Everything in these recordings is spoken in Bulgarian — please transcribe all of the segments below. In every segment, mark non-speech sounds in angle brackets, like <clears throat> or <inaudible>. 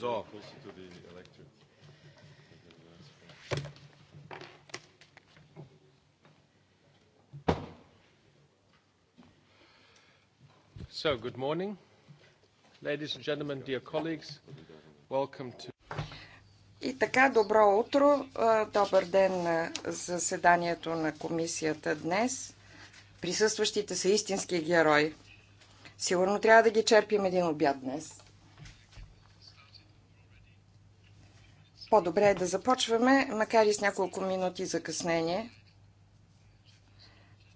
So. So, good morning. Ladies and gentlemen, dear colleagues, welcome to... И така, добро утро, добър ден на заседанието на комисията днес. Присъстващите са истински герои. Сигурно трябва да ги черпим един обяд днес. По-добре е да започваме, макар и с няколко минути закъснение.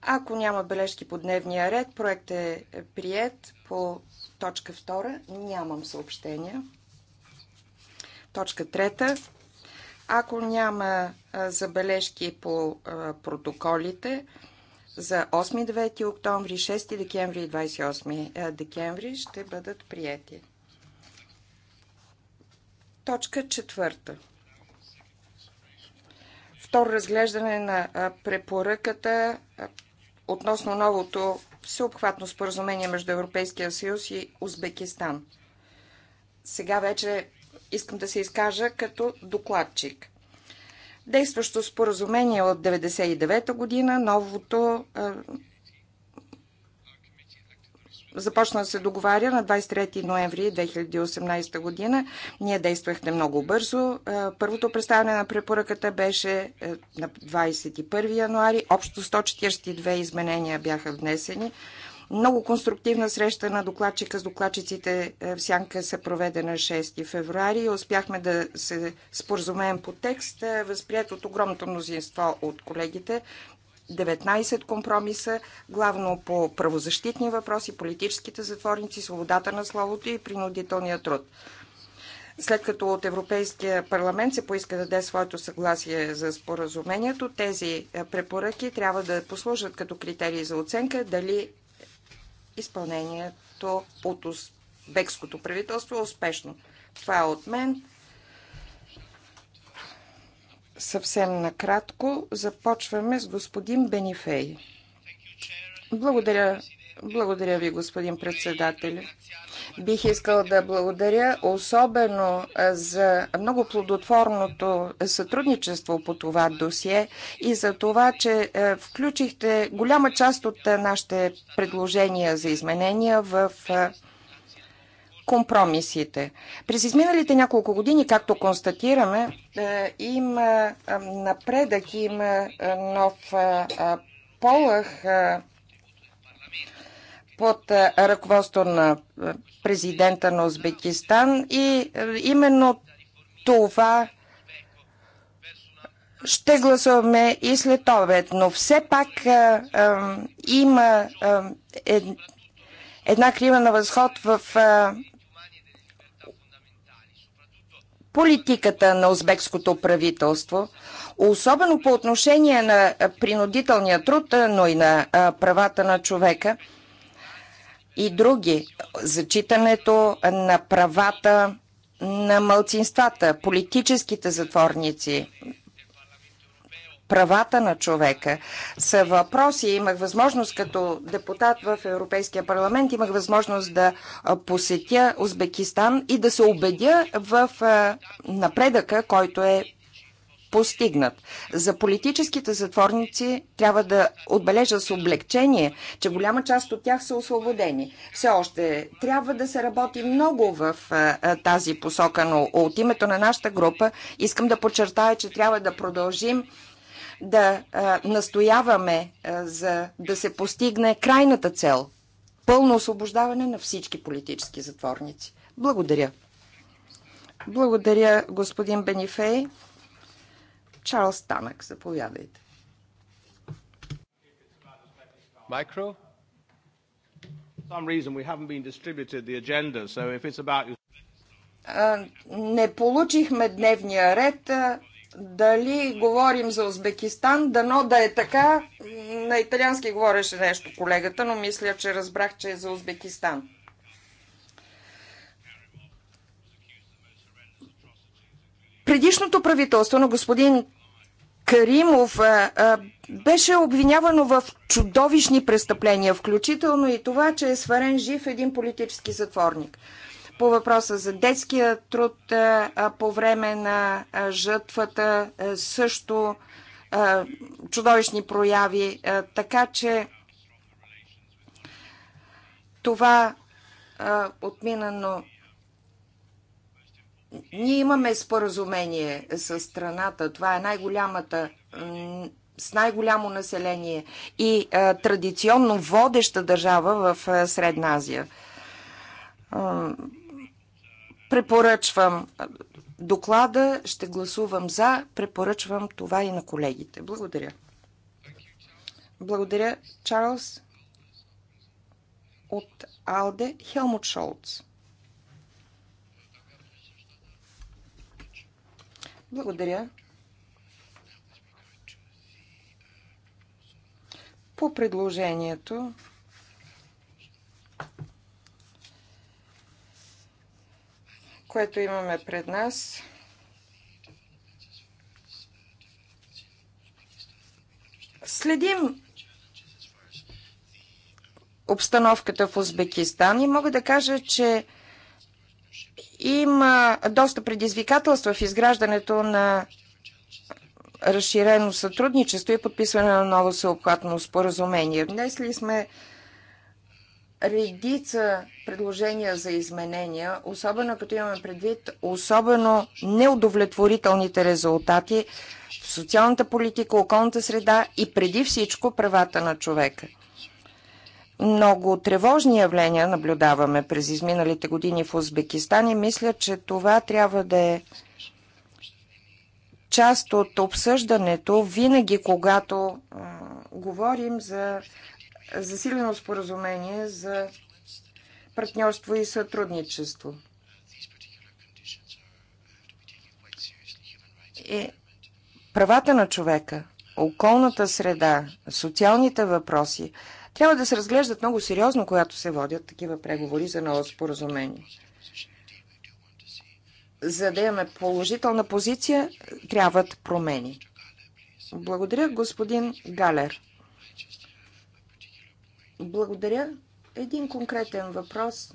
Ако няма бележки по дневния ред, проект е прият по точка 2. Нямам съобщения. Точка 3. Ако няма забележки по протоколите за 8-9 октомври, 6 декември и 28 декември, ще бъдат прияти. Точка четвърта. Второ разглеждане на препоръката относно новото всеобхватно споразумение между Европейския съюз и Узбекистан. Сега вече искам да се изкажа като докладчик. Действащо споразумение от 1999 година, новото започна да се договаря на 23 ноември 2018 година. Ние действахме много бързо. Е, първото представяне на препоръката беше е, на 21 януари. Общо 142 изменения бяха внесени. Много конструктивна среща на докладчика с докладчиците е, в Сянка се проведе на 6 февруари. Успяхме да се споразумеем по текст, възприят от огромното мнозинство от колегите. 19 компромиса, главно по правозащитни въпроси, политическите затворници, свободата на словото и принудителния труд. След като от Европейския парламент се поиска да даде своето съгласие за споразумението, тези е, препоръки трябва да послужат като критерии за оценка дали изпълнението от узбекското правителство е успешно. Това е от мен. Съвсем накратко започваме с господин Бенифей. Благодаря, благодаря ви, господин председател. Бих искал да благодаря особено за много плодотворното сътрудничество по това досие и за това, че включихте голяма част от нашите предложения за изменения в компромисите. През изминалите няколко години, както констатираме, е, има е, напредък, има е, нов полах под ръководство на президента на Узбекистан и именно това ще гласуваме и след обед, но все пак а, а, има а, ед, една крива на възход в а, политиката на узбекското правителство, особено по отношение на принудителния труд, но и на правата на човека и други. Зачитането на правата на мълцинствата, политическите затворници, правата на човека са въпроси. Имах възможност като депутат в Европейския парламент, имах възможност да посетя Узбекистан и да се убедя в напредъка, който е постигнат. За политическите затворници трябва да отбележа с облегчение, че голяма част от тях са освободени. Все още трябва да се работи много в тази посока, но от името на нашата група искам да подчертая, че трябва да продължим да а, настояваме а, за да се постигне крайната цел пълно освобождаване на всички политически затворници. Благодаря. Благодаря, господин Бенифей. Чарлз Танък, заповядайте. Micro? Не получихме дневния ред, дали говорим за Узбекистан, дано да е така. На италиански говореше нещо колегата, но мисля, че разбрах, че е за Узбекистан. Предишното правителство на господин Каримов а, а, беше обвинявано в чудовищни престъпления, включително и това, че е сварен жив един политически затворник. А, по въпроса за детския труд по време на жътвата, също чудовищни прояви. Така че това отминано ние имаме споразумение с страната. Това е най-голямата с най-голямо население и а, традиционно водеща държава в а, Средна Азия. А, препоръчвам доклада, ще гласувам за, препоръчвам това и на колегите. Благодаря. Благодаря, Чарлз. От Алде Хелмут Шолц. Благодаря. По предложението което имаме пред нас. Следим обстановката в Узбекистан и мога да кажа, че има доста предизвикателства в изграждането на разширено сътрудничество и подписване на ново съобхватно споразумение. Днес ли сме редица предложения за изменения, особено като имаме предвид особено неудовлетворителните резултати в социалната политика, околната среда и преди всичко правата на човека. Много тревожни явления наблюдаваме през изминалите години в Узбекистан и мисля, че това трябва да е част от обсъждането винаги, когато говорим за засилено споразумение за партньорство и сътрудничество. И правата на човека, околната среда, социалните въпроси трябва да се разглеждат много сериозно, когато се водят такива преговори за ново споразумение. За да имаме положителна позиция, трябват промени. Благодаря, господин Галер. Благодаря. Един конкретен въпрос.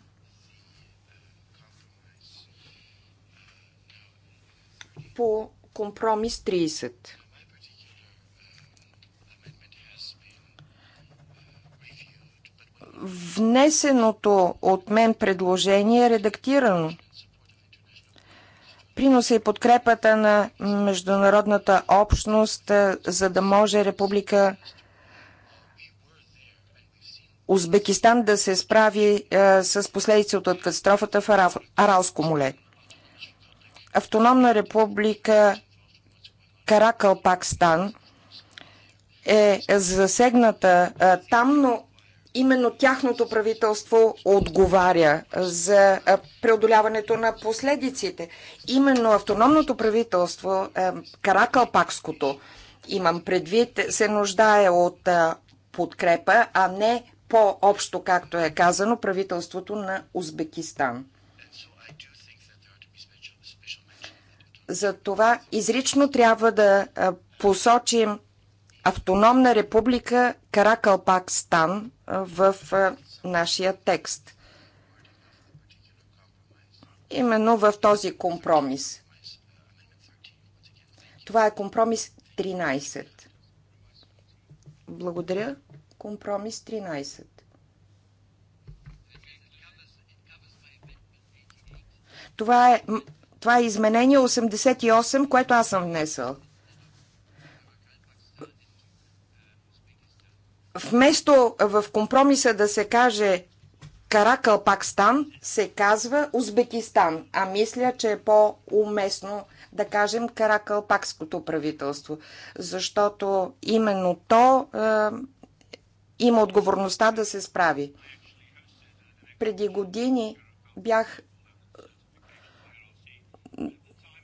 По компромис 30. Внесеното от мен предложение е редактирано приноса и подкрепата на международната общност, е, за да може Република Узбекистан да се справи а, е, с последици от катастрофата в Аралско моле. Автономна република Каракалпакстан е засегната а, е, там, но именно тяхното правителство отговаря за е, преодоляването на последиците. Именно автономното правителство, Каракалпакското, имам предвид, се нуждае от подкрепа, а не по-общо, както е казано, правителството на Узбекистан. За това изрично трябва да посочим Автономна република Каракалпакстан в нашия текст. Именно в този компромис. Това е компромис 13. Благодаря. Компромис 13. Това е, това е изменение 88, което аз съм внесъл. Вместо в компромиса да се каже Пакстан, се казва Узбекистан. А мисля, че е по-уместно да кажем Каракалпакското правителство, защото именно то е, има отговорността да се справи. Преди години бях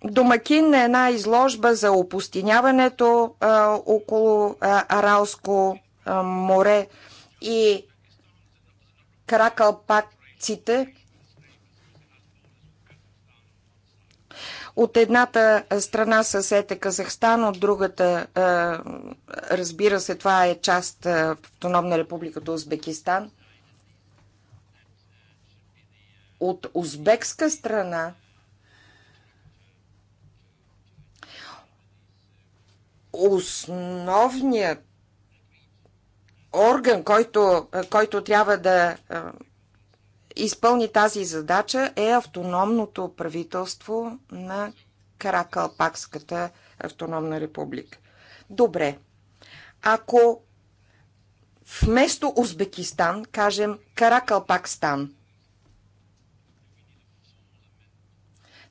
домакин на една изложба за опустиняването а, около а, Аралско а, море и кракалпакците От едната страна съсед е Казахстан, от другата, разбира се, това е част автономна Автономна републиката Узбекистан. От узбекска страна основният орган, който, който трябва да изпълни тази задача е автономното правителство на Каракалпакската автономна република. Добре. Ако вместо Узбекистан кажем Каракалпакстан,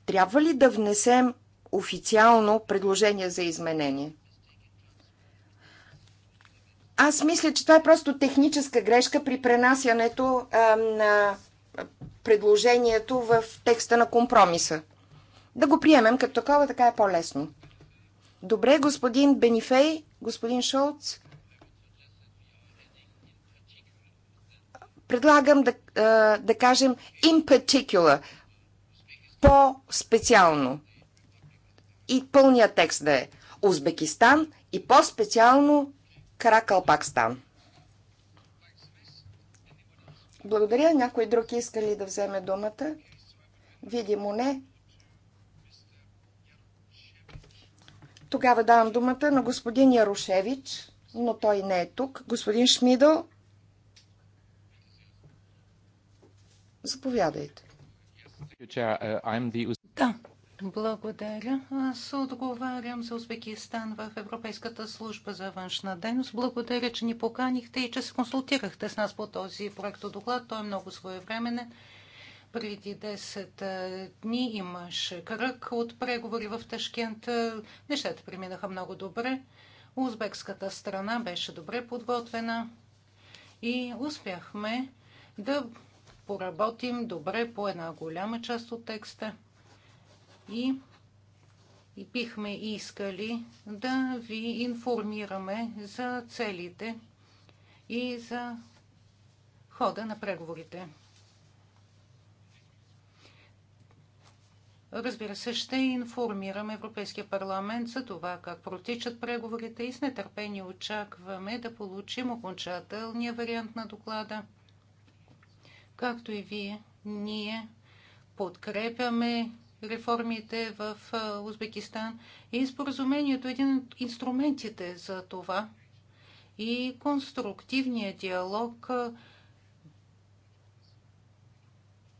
трябва ли да внесем официално предложение за изменение? Аз мисля, че това е просто техническа грешка при пренасянето а, на предложението в текста на компромиса. Да го приемем като такова, така е по-лесно. Добре, господин Бенифей, господин Шолц. Предлагам да, да кажем in particular, по-специално. И пълният текст да е Узбекистан и по-специално Каракалпакстан. Благодаря. Някой друг иска ли да вземе думата? Видимо не. Тогава давам думата на господин Ярушевич, но той не е тук. Господин Шмидъл, заповядайте. Uh, да, благодаря. Аз отговарям за Узбекистан в Европейската служба за външна дейност. Благодаря, че ни поканихте и че се консултирахте с нас по този проект доклад. Той е много своевременен. Преди 10 дни имаше кръг от преговори в Ташкент. Нещата преминаха много добре. Узбекската страна беше добре подготвена и успяхме да поработим добре по една голяма част от текста и, и бихме искали да ви информираме за целите и за хода на преговорите. Разбира се, ще информираме Европейския парламент за това как протичат преговорите и с нетърпение очакваме да получим окончателния вариант на доклада. Както и вие, ние подкрепяме реформите в Узбекистан и споразумението е един от инструментите за това. И конструктивният диалог, в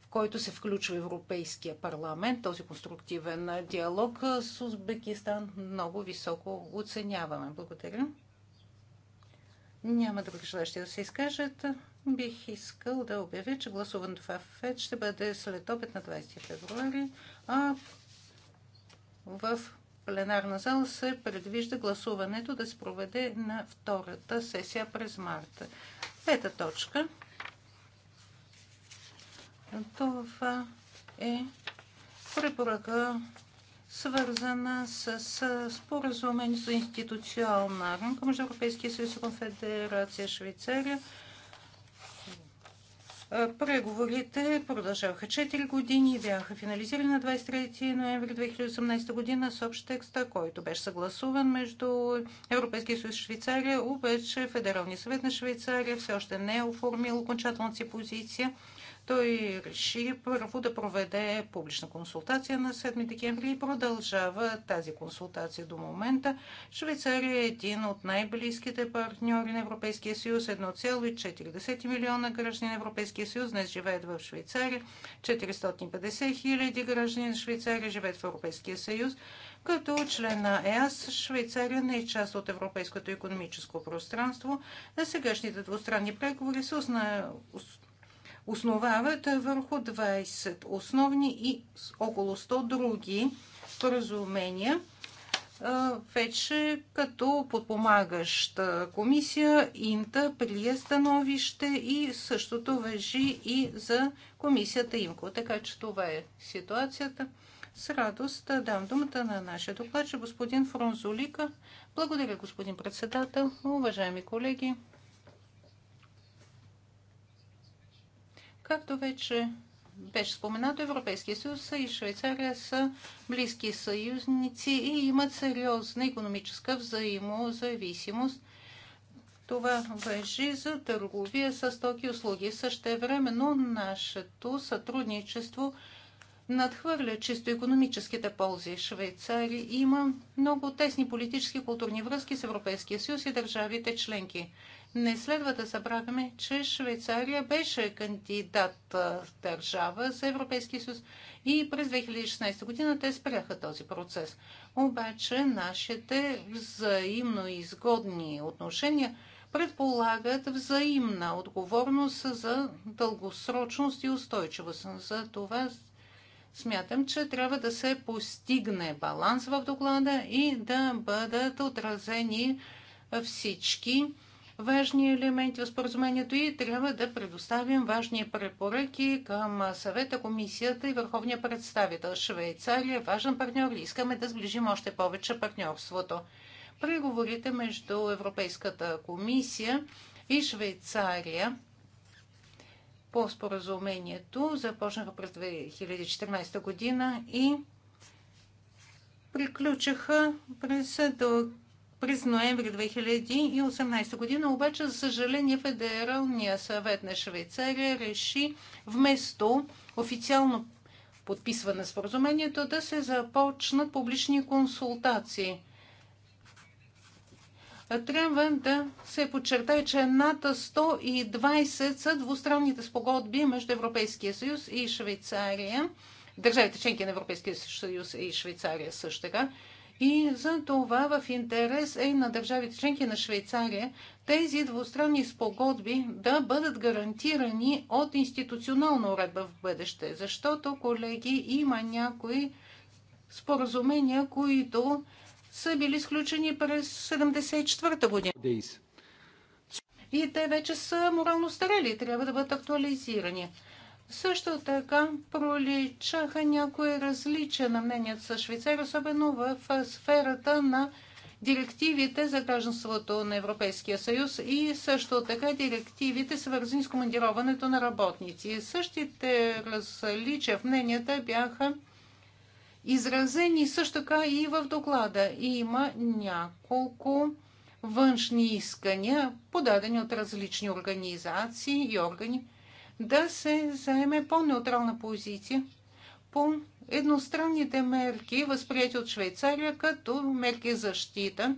който се включва Европейския парламент, този конструктивен диалог с Узбекистан много високо оценяваме. Благодаря. Няма други желащи да се изкажат бих искал да обявя, че гласуването в АФЕД ще бъде след обед на 20 февруари, а в пленарна зала се предвижда гласуването да се проведе на втората сесия през марта. Пета точка. Това е препоръка свързана с споразумение за институционална рамка между Европейския съюз и Конфедерация Швейцария Преговорите продължаваха 4 години и бяха финализирани на 23 ноември 2018 година с общ текста, който беше съгласуван между Европейския съюз и Швейцария, обаче Федералния съвет на Швейцария все още не е оформил окончателната си позиция – той реши първо да проведе публична консултация на 7 декември и продължава тази консултация до момента. Швейцария е един от най-близките партньори на Европейския съюз. 1,4 милиона граждани на Европейския съюз днес живеят в Швейцария. 450 хиляди граждани на Швейцария живеят в Европейския съюз. Като член на ЕАС, Швейцария не е част от Европейското економическо пространство. На сегашните двустранни преговори се основават върху 20 основни и около 100 други споразумения, вече като подпомагаща комисия Инта прие становище и същото въжи и за комисията Имко. Така че това е ситуацията. С радост дам думата на нашия докладчик господин Фронзолика. Благодаря, господин председател. Уважаеми колеги, Както вече беше споменато, Европейския съюз и Швейцария са близки съюзници и имат сериозна економическа взаимозависимост. Това въжи за търговия с токи услуги. но нашето сътрудничество надхвърля чисто економическите ползи. Швейцария има много тесни политически и културни връзки с Европейския съюз и държавите членки. Не следва да забравяме, че Швейцария беше кандидат държава за Европейския съюз и през 2016 година те спряха този процес. Обаче нашите взаимно изгодни отношения предполагат взаимна отговорност за дългосрочност и устойчивост. За това смятам, че трябва да се постигне баланс в доклада и да бъдат отразени всички важни елементи в споразумението и трябва да предоставим важни препоръки към съвета, комисията и върховния представител. Швейцария е важен партньор и искаме да сближим още повече партньорството. Преговорите между Европейската комисия и Швейцария по споразумението започнаха през 2014 година и приключиха през, през ноември 2018 година. Обаче, за съжаление, Федералния съвет на Швейцария реши вместо официално подписване на споразумението да се започнат публични консултации – трябва да се подчертае, че над 120 са двустранните спогодби между Европейския съюз и Швейцария. Държавите членки на Европейския съюз и Швейцария също така. И за това в интерес е на държавите членки на Швейцария тези двустранни спогодби да бъдат гарантирани от институционална уредба в бъдеще. Защото, колеги, има някои споразумения, които са били сключени през 1974 година. И те вече са морално старели и трябва да бъдат актуализирани. Също така проличаха някои различия на мнението с Швейцария, особено в сферата на директивите за гражданството на Европейския съюз и също така директивите свързани с командироването на работници. Същите различия в мненията бяха изразени също така и в доклада. И има няколко външни искания, подадени от различни организации и органи, да се заеме по-неутрална позиция по едностранните мерки, възприяти от Швейцария като мерки защита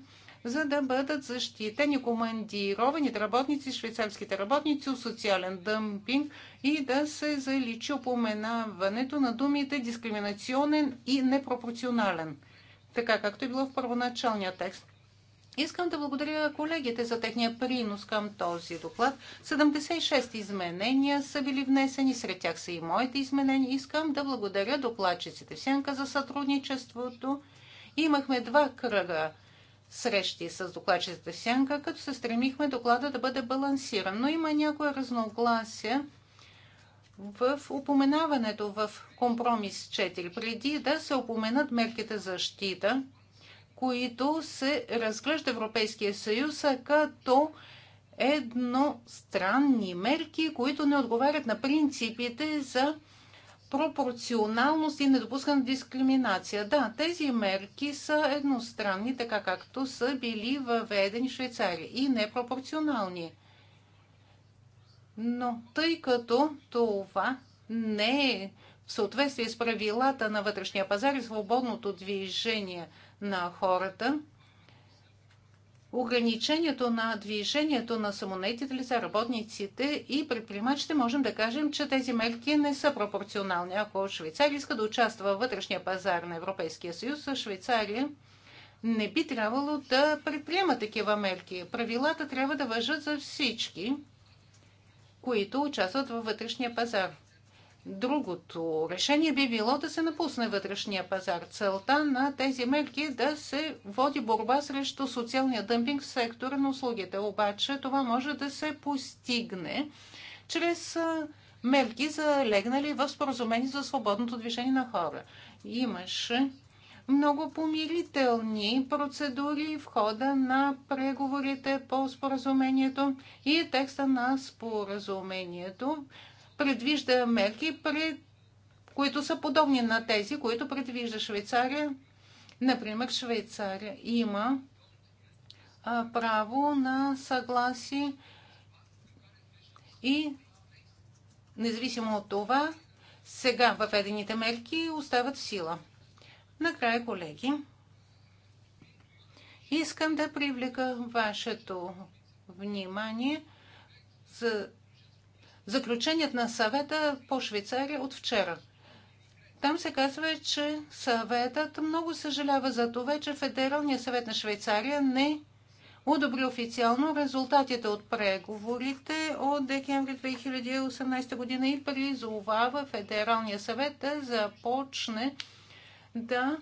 за да бъдат защитени командированите работници, швейцарските работници от социален дъмпинг и да се заличи упоменаването на думите дискриминационен и непропорционален, така както е било в първоначалния текст. Искам да благодаря колегите за техния принос към този доклад. 76 изменения са били внесени, сред тях са и моите изменения. Искам да благодаря докладчиците Сенка за сътрудничеството. Имахме два кръга срещи с докладчицата Сянка, като се стремихме доклада да бъде балансиран. Но има някоя разногласия в упоменаването в компромис 4, преди да се упоменат мерките за защита, които се разглежда Европейския съюз като едностранни мерки, които не отговарят на принципите за пропорционалност и недопускане дискриминация. Да, тези мерки са едностранни, така както са били въведени в Швейцария и непропорционални. Но тъй като това не е в съответствие с правилата на вътрешния пазар и свободното движение на хората, ограничението на движението на самонетите лица, работниците и предприемачите, можем да кажем, че тези мерки не са пропорционални. Ако Швейцария иска да участва в вътрешния пазар на Европейския съюз, Швейцария не би трябвало да предприема такива мерки. Правилата трябва да въжат за всички, които участват във вътрешния пазар. Другото решение би било да се напусне вътрешния пазар. Целта на тези мерки е да се води борба срещу социалния дъмпинг в сектора на услугите. Обаче това може да се постигне чрез мерки, залегнали в споразумение за свободното движение на хора. Имаше много помирителни процедури в хода на преговорите по споразумението и текста на споразумението предвижда мерки, пред... които са подобни на тези, които предвижда Швейцария. Например, Швейцария има право на съгласие и независимо от това, сега въведените мерки остават в сила. Накрая, колеги, искам да привлека вашето внимание за заключеният на съвета по Швейцария от вчера. Там се казва, че съветът много съжалява за това, че Федералният съвет на Швейцария не одобри официално резултатите от преговорите от декември 2018 година и призовава Федералния съвет да започне да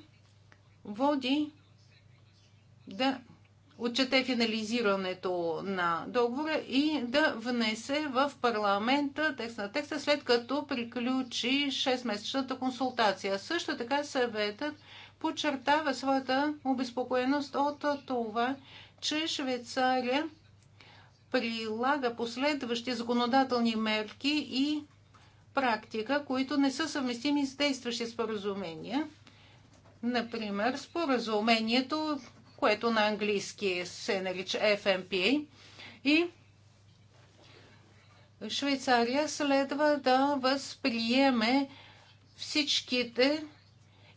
води да отчете финализирането на договора и да внесе в парламента текст на текста, след като приключи 6-месечната консултация. Също така съветът подчертава своята обезпокоеност от това, че Швейцария прилага последващи законодателни мерки и практика, които не са съвместими с действащи споразумения. Например, споразумението което на английски се нарича FMPA. И Швейцария следва да възприеме всичките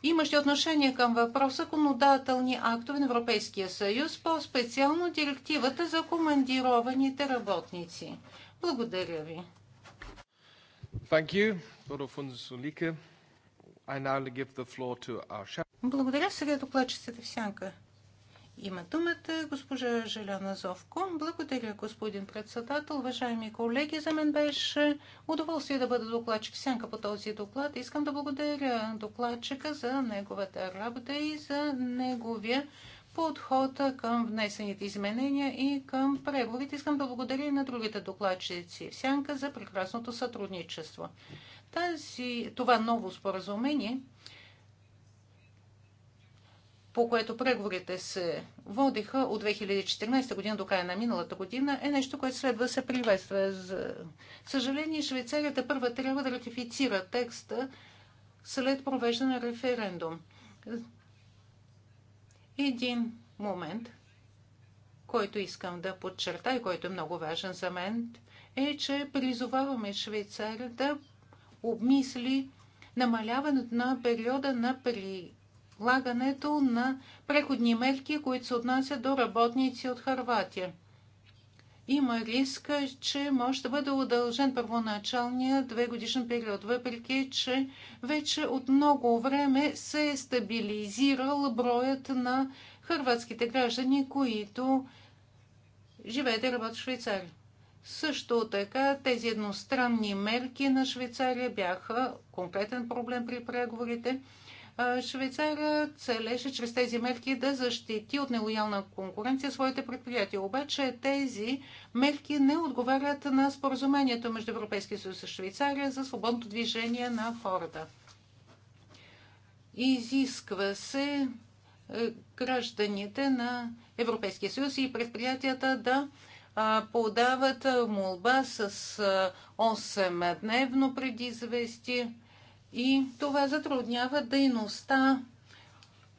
имащи отношение към въпроса законодателни актове на Европейския съюз, по-специално директивата за командированите работници. Благодаря ви. Благодаря сега е докладчицата в сянка. Има думата госпожа Желяна Зовко. Благодаря, господин председател. Уважаеми колеги, за мен беше удоволствие да бъда докладчик сянка по този доклад. Искам да благодаря докладчика за неговата работа и за неговия подход към внесените изменения и към преговорите. Искам да благодаря и на другите докладчици в сянка за прекрасното сътрудничество. Тази, това ново споразумение – по което преговорите се водиха от 2014 година до края на миналата година, е нещо, което следва да се приветства. За съжаление, Швейцарията първа трябва да ратифицира текста след провеждане на референдум. Един момент, който искам да подчерта и който е много важен за мен, е, че призоваваме Швейцария да обмисли намаляването на периода на при влагането на преходни мерки, които се отнасят до работници от Харватия. Има риск, че може да бъде удължен първоначалния две годишен период, въпреки че вече от много време се е стабилизирал броят на хърватските граждани, които живеят и работят в Швейцария. Също така тези едностранни мерки на Швейцария бяха конкретен проблем при преговорите. Швейцария целеше чрез тези мерки да защити от нелоялна конкуренция своите предприятия. Обаче тези мерки не отговарят на споразумението между Европейския съюз и Швейцария за свободното движение на хората. Изисква се е, гражданите на Европейския съюз и предприятията да подават молба с 8-дневно предизвестие и това затруднява дейността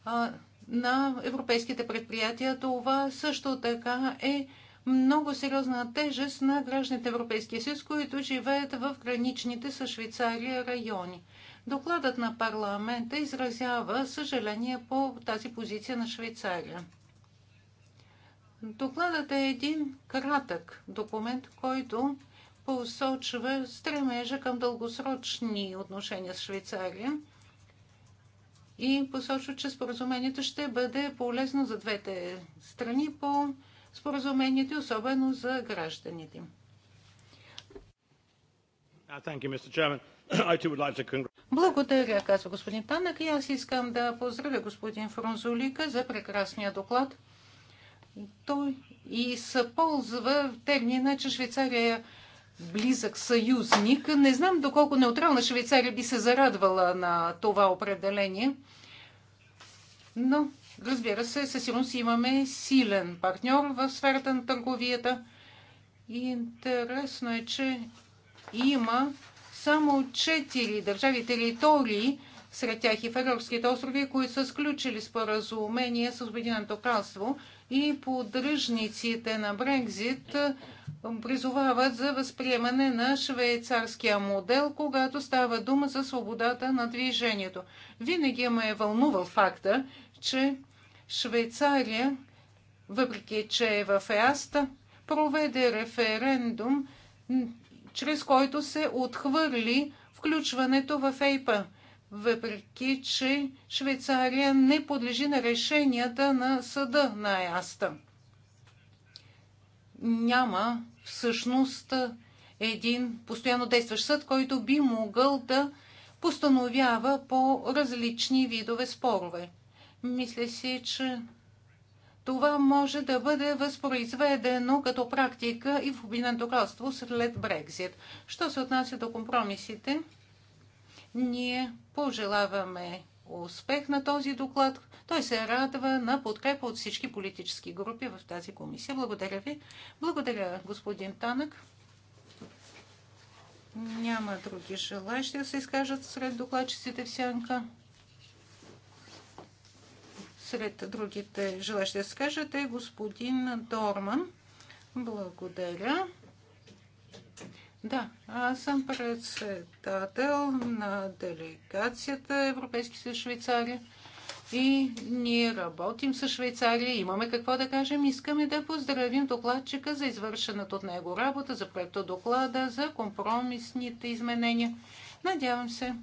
а, на европейските предприятия. Това също така е много сериозна тежест на гражданите Европейския съюз, които живеят в граничните със Швейцария райони. Докладът на парламента изразява съжаление по тази позиция на Швейцария. Докладът е един кратък документ, който посочва стремежа към дългосрочни отношения с Швейцария и посочва, че споразумението ще бъде полезно за двете страни по споразумението, особено за гражданите. Uh, <clears throat> Благодаря, казва господин Танък. И аз искам да поздравя господин Фронзолика за прекрасния доклад. Той използва термина, че Швейцария е близък съюзник. Не знам доколко неутрална Швейцария би се зарадвала на това определение, но разбира се, със сигурност имаме силен партньор в сферата на търговията. И интересно е, че има само 4 държави територии, сред тях и Фарерските острови, които са сключили споразумение с Обединеното кралство и поддръжниците на Брекзит е, призовават за възприемане на швейцарския модел, когато става дума за свободата на движението. Винаги ме е вълнувал факта, че Швейцария, въпреки че е в ЕАСТА, проведе референдум, чрез който се отхвърли включването в ЕЙПА въпреки че Швейцария не подлежи на решенията на съда на ЕАСТА. Няма всъщност един постоянно действащ съд, който би могъл да постановява по различни видове спорове. Мисля си, че това може да бъде възпроизведено като практика и в Обединеното кралство след Брекзит. Що се отнася до компромисите? Ние пожелаваме успех на този доклад. Той се радва на подкрепа от всички политически групи в тази комисия. Благодаря ви. Благодаря, господин Танък. Няма други желащи да се изкажат сред докладчиците в сянка. Сред другите желащи да се изкажат е господин Дорман. Благодаря. Да, аз съм председател на делегацията Европейски съюз Швейцария и ние работим с Швейцария, имаме какво да кажем. Искаме да поздравим докладчика за извършената от него работа, за проекта доклада, за компромисните изменения. Надявам се,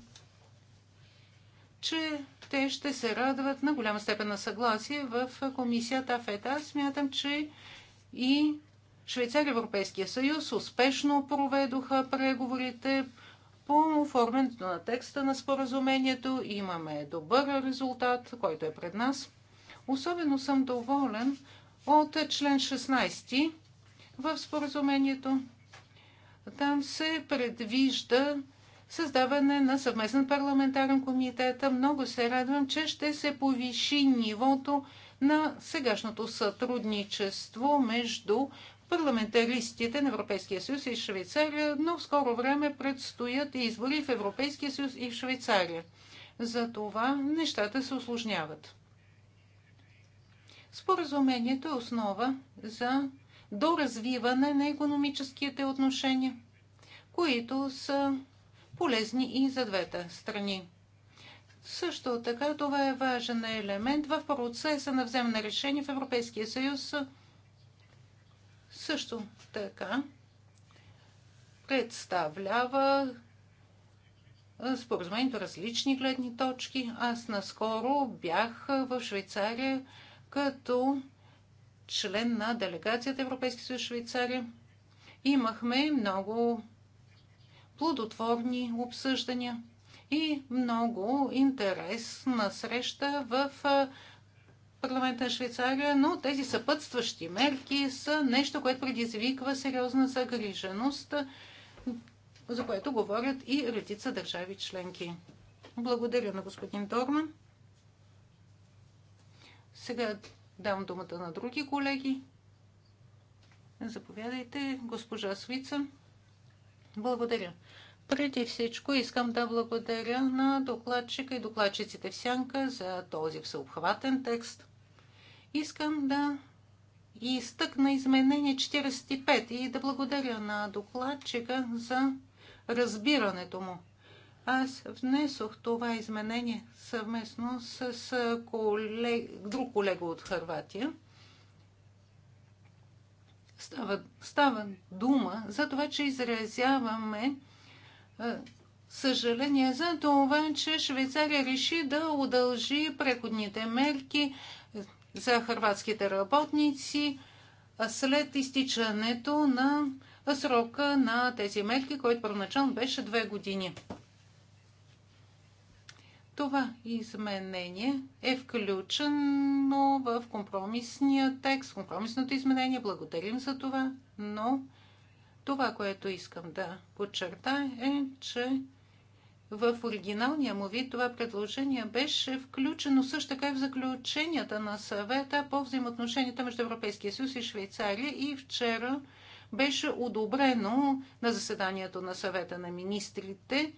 че те ще се радват на голяма степен на съгласие в комисията ФЕТА. Смятам, че и Швейцария и Европейския съюз успешно проведоха преговорите по оформянето на текста на споразумението. Имаме добър резултат, който е пред нас. Особено съм доволен от член 16 в споразумението. Там се предвижда създаване на съвместен парламентарен комитет. Много се радвам, че ще се повиши нивото на сегашното сътрудничество между парламентаристите на Европейския съюз и Швейцария, но в скоро време предстоят и избори в Европейския съюз и в Швейцария. Затова нещата се осложняват. Споразумението е основа за доразвиване на економическите отношения, които са полезни и за двете страни. Също така това е важен елемент в процеса на вземане решение в Европейския съюз – също така представлява споразумението различни гледни точки. Аз наскоро бях в Швейцария като член на делегацията Европейски съюз Швейцария. Имахме много плодотворни обсъждания и много интересна среща в парламента на Швейцария, но тези съпътстващи мерки са нещо, което предизвиква сериозна загриженост, за което говорят и редица държави членки. Благодаря на господин Дорман. Сега давам думата на други колеги. Заповядайте, госпожа Свица. Благодаря. Преди всичко искам да благодаря на докладчика и докладчиците в Сянка за този всеобхватен текст. Искам да изтъкна изменение 45 и да благодаря на докладчика за разбирането му. Аз внесох това изменение съвместно с колег... друг колега от Харватия. Става, става дума за това, че изразяваме е, съжаление за това, че Швейцария реши да удължи преходните мерки за хрватските работници след изтичането на срока на тези мерки, който първоначално беше две години. Това изменение е включено в компромисния текст, компромисното изменение. Благодарим за това, но това, което искам да подчертая е, че в оригиналния му вид това предложение беше включено също така и в заключенията на съвета по взаимоотношенията между Европейския съюз и Швейцария и вчера беше одобрено на заседанието на съвета на министрите.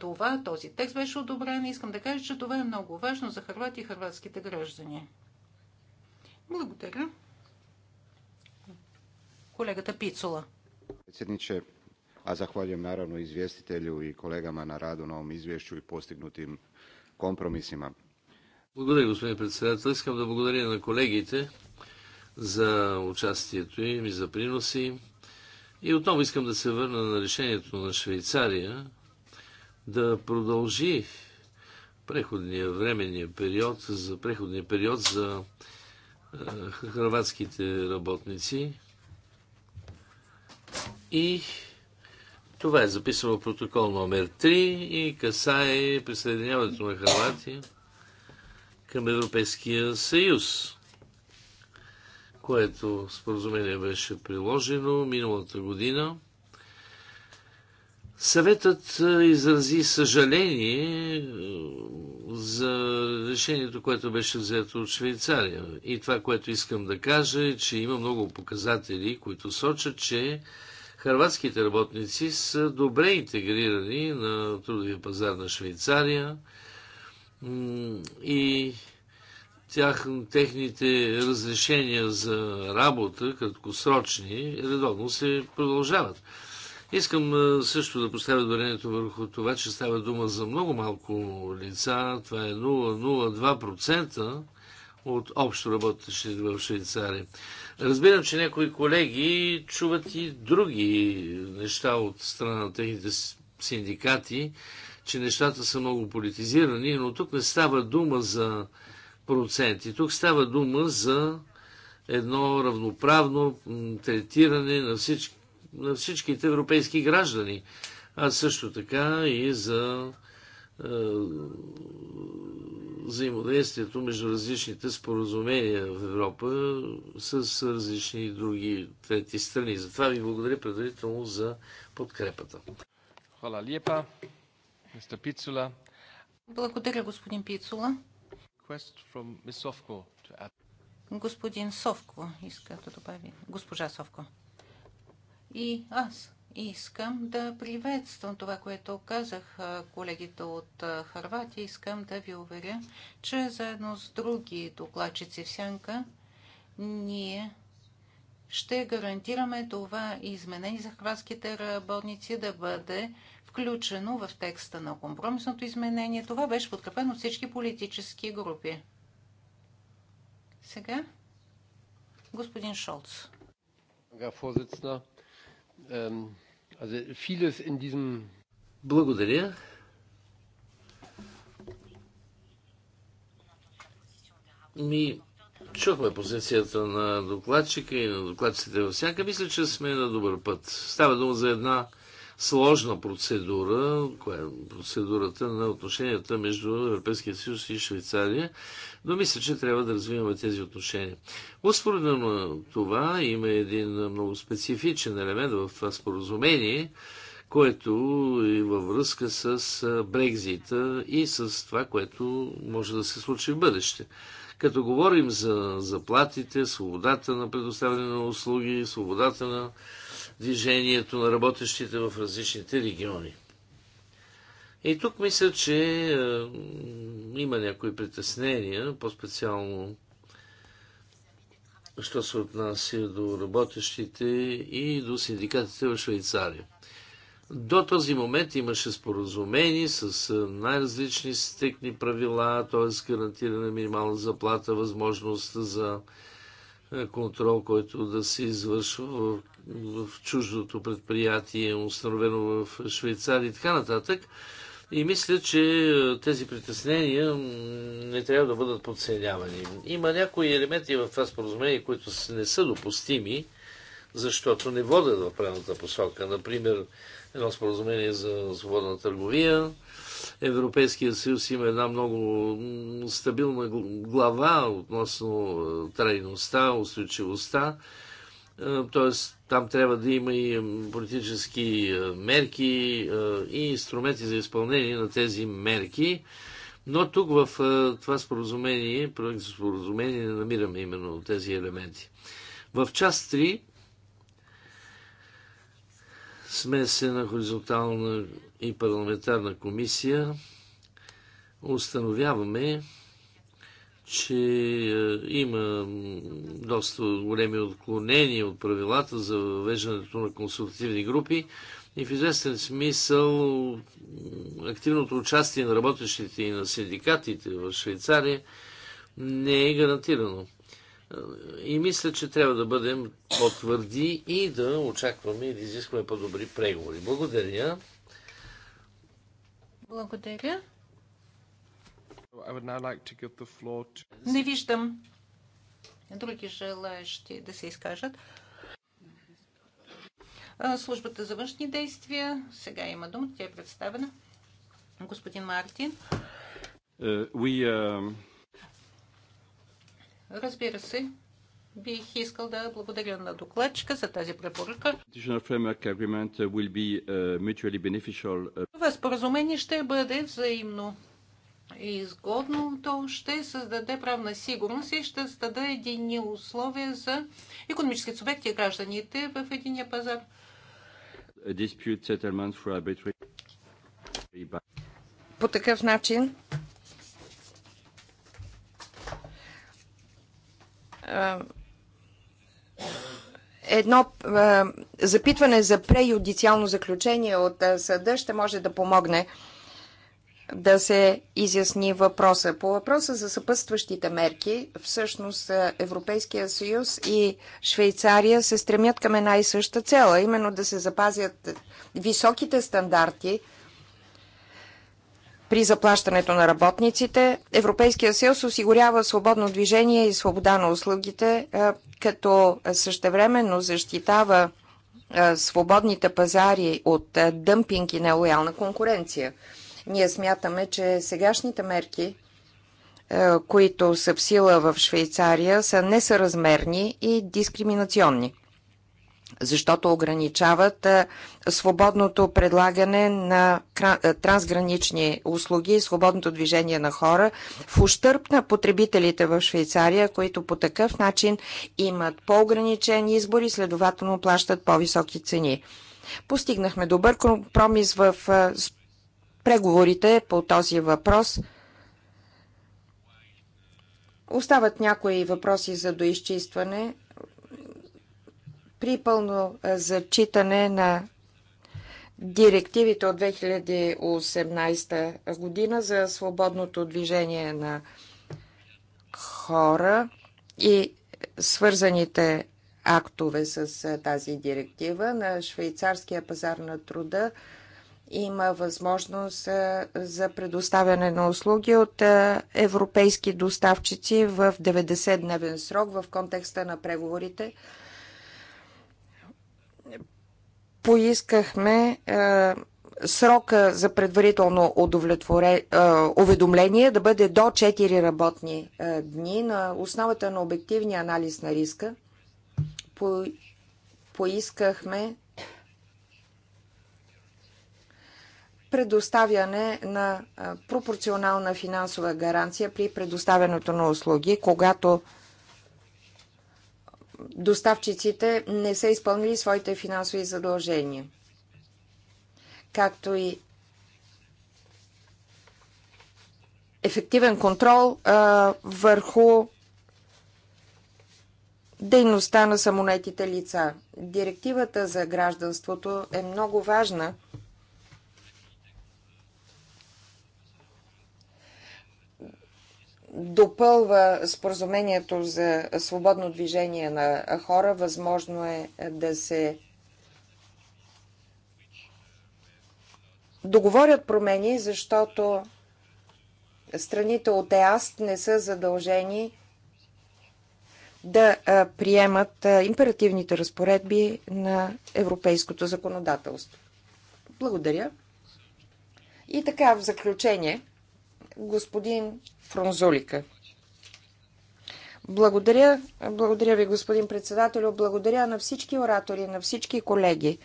Това, този текст беше одобрен. Искам да кажа, че това е много важно за хрвати и хрватските граждани. Благодаря. Колегата Пицола. Председниче, a zahvaljujem naravno izvjestitelju i kolegama na radu na ovom izvješću i postignutim kompromisima. Благодаря, господин председател. Искам да благодаря на колегите за участието им и за приноси. И отново искам да се върна на решението на Швейцария да продължи преходния временния период, за преходния период за е, хрватските работници и това е записано в протокол номер 3 и касае присъединяването на Харватия към Европейския съюз, което споразумение беше приложено миналата година. Съветът изрази съжаление за решението, което беше взето от Швейцария. И това, което искам да кажа е, че има много показатели, които сочат, че Хрватските работници са добре интегрирани на трудовия пазар на Швейцария и тях, техните разрешения за работа, краткосрочни, редовно се продължават. Искам също да поставя дарението върху това, че става дума за много малко лица. Това е 0,02% от общо работещи в Швейцария. Разбирам, че някои колеги чуват и други неща от страна на техните синдикати, че нещата са много политизирани, но тук не става дума за проценти. Тук става дума за едно равноправно третиране на, всички, на всичките европейски граждани, а също така и за е, взаимодействието между различните споразумения в Европа с различни други трети страни. Затова ви благодаря предварително за подкрепата. Хвала мистер Пицула. Благодаря, господин Пицула. Господин Совко иска да добави. Госпожа Совко. И аз Искам да приветствам това, което казах колегите от Харватия. Искам да ви уверя, че заедно с други докладчици в Сянка ние ще гарантираме това изменение за хрватските работници да бъде включено в текста на компромисното изменение. Това беше подкрепено от всички политически групи. Сега господин Шолц. Господин благодаря. Ми чухме позицията на докладчика и на докладчиците във всяка. Мисля, че сме на добър път. Става дума за една сложна процедура, коя е процедурата на отношенията между Европейския съюз и Швейцария, но мисля, че трябва да развиваме тези отношения. Успоредно на това има един много специфичен елемент в това споразумение, което е във връзка с Брекзита и с това, което може да се случи в бъдеще. Като говорим за заплатите, свободата на предоставяне на услуги, свободата на движението на работещите в различните региони. И тук мисля, че е, има някои притеснения, по-специално що се отнася до работещите и до синдикатите в Швейцария. До този момент имаше споразумени с е, най-различни стекни правила, т.е. гарантиране минимална заплата, възможност за е, контрол, който да се извършва в, в чуждото предприятие, установено в Швейцария и така нататък. И мисля, че е, тези притеснения не трябва да бъдат подценявани. Има някои елементи в това споразумение, които не са допустими, защото не водят в правилната посока. Например, едно споразумение за свободна търговия, Европейския съюз има една много стабилна глава относно е, трайността, устойчивостта. Т.е. там трябва да има и политически е, мерки е, и инструменти за изпълнение на тези мерки. Но тук в това споразумение, проект за споразумение, не намираме именно тези елементи. В част 3 сме се на хоризонтална и парламентарна комисия установяваме, че е, има доста големи отклонения от правилата за въвеждането на консултативни групи и в известен смисъл активното участие на работещите и на синдикатите в Швейцария не е гарантирано. Е, и мисля, че трябва да бъдем по-твърди и да очакваме и да изискваме по-добри преговори. Благодаря. Благодаря. Не виждам други желаящи да се изкажат. Службата за външни действия сега има дума. Тя е представена. Господин Мартин. Е, е, Разбира се, бих искал да благодаря на докладчика за тази препоръка. Uh, uh, uh, Това споразумение ще бъде взаимно и изгодно. То ще създаде правна сигурност и ще създаде едини условия за економически субекти и гражданите в единия пазар. По такъв начин едно е, запитване за преюдициално заключение от е, съда ще може да помогне да се изясни въпроса. По въпроса за съпътстващите мерки, всъщност Европейския съюз и Швейцария се стремят към една и съща цела, именно да се запазят високите стандарти при заплащането на работниците. Европейския съюз осигурява свободно движение и свобода на услугите, е, като същевременно защитава е, свободните пазари от е, дъмпинг и нелоялна конкуренция. Ние смятаме, че сегашните мерки, които са в сила в Швейцария, са несъразмерни и дискриминационни защото ограничават свободното предлагане на трансгранични услуги и свободното движение на хора в ущърп на потребителите в Швейцария, които по такъв начин имат по-ограничени избори, следователно плащат по-високи цени. Постигнахме добър компромис в преговорите по този въпрос. Остават някои въпроси за доизчистване – при пълно е, зачитане на директивите от 2018 година за свободното движение на хора и свързаните актове с е, тази директива на швейцарския пазар на труда има възможност е, за предоставяне на услуги от европейски доставчици в 90-дневен срок в контекста на преговорите поискахме е, срока за предварително е, уведомление да бъде до 4 работни е, дни на основата на обективния анализ на риска. По, поискахме предоставяне на пропорционална финансова гаранция при предоставянето на услуги, когато доставчиците не са изпълнили своите финансови задължения, както и ефективен контрол а, върху дейността на самонетите лица. Директивата за гражданството е много важна допълва споразумението за свободно движение на хора. Възможно е да се договорят промени, защото страните от ЕАСТ не са задължени да приемат императивните разпоредби на европейското законодателство. Благодаря. И така, в заключение, господин фронзолика. Благодаря, благодаря ви, господин председател, Благодаря на всички оратори, на всички колеги.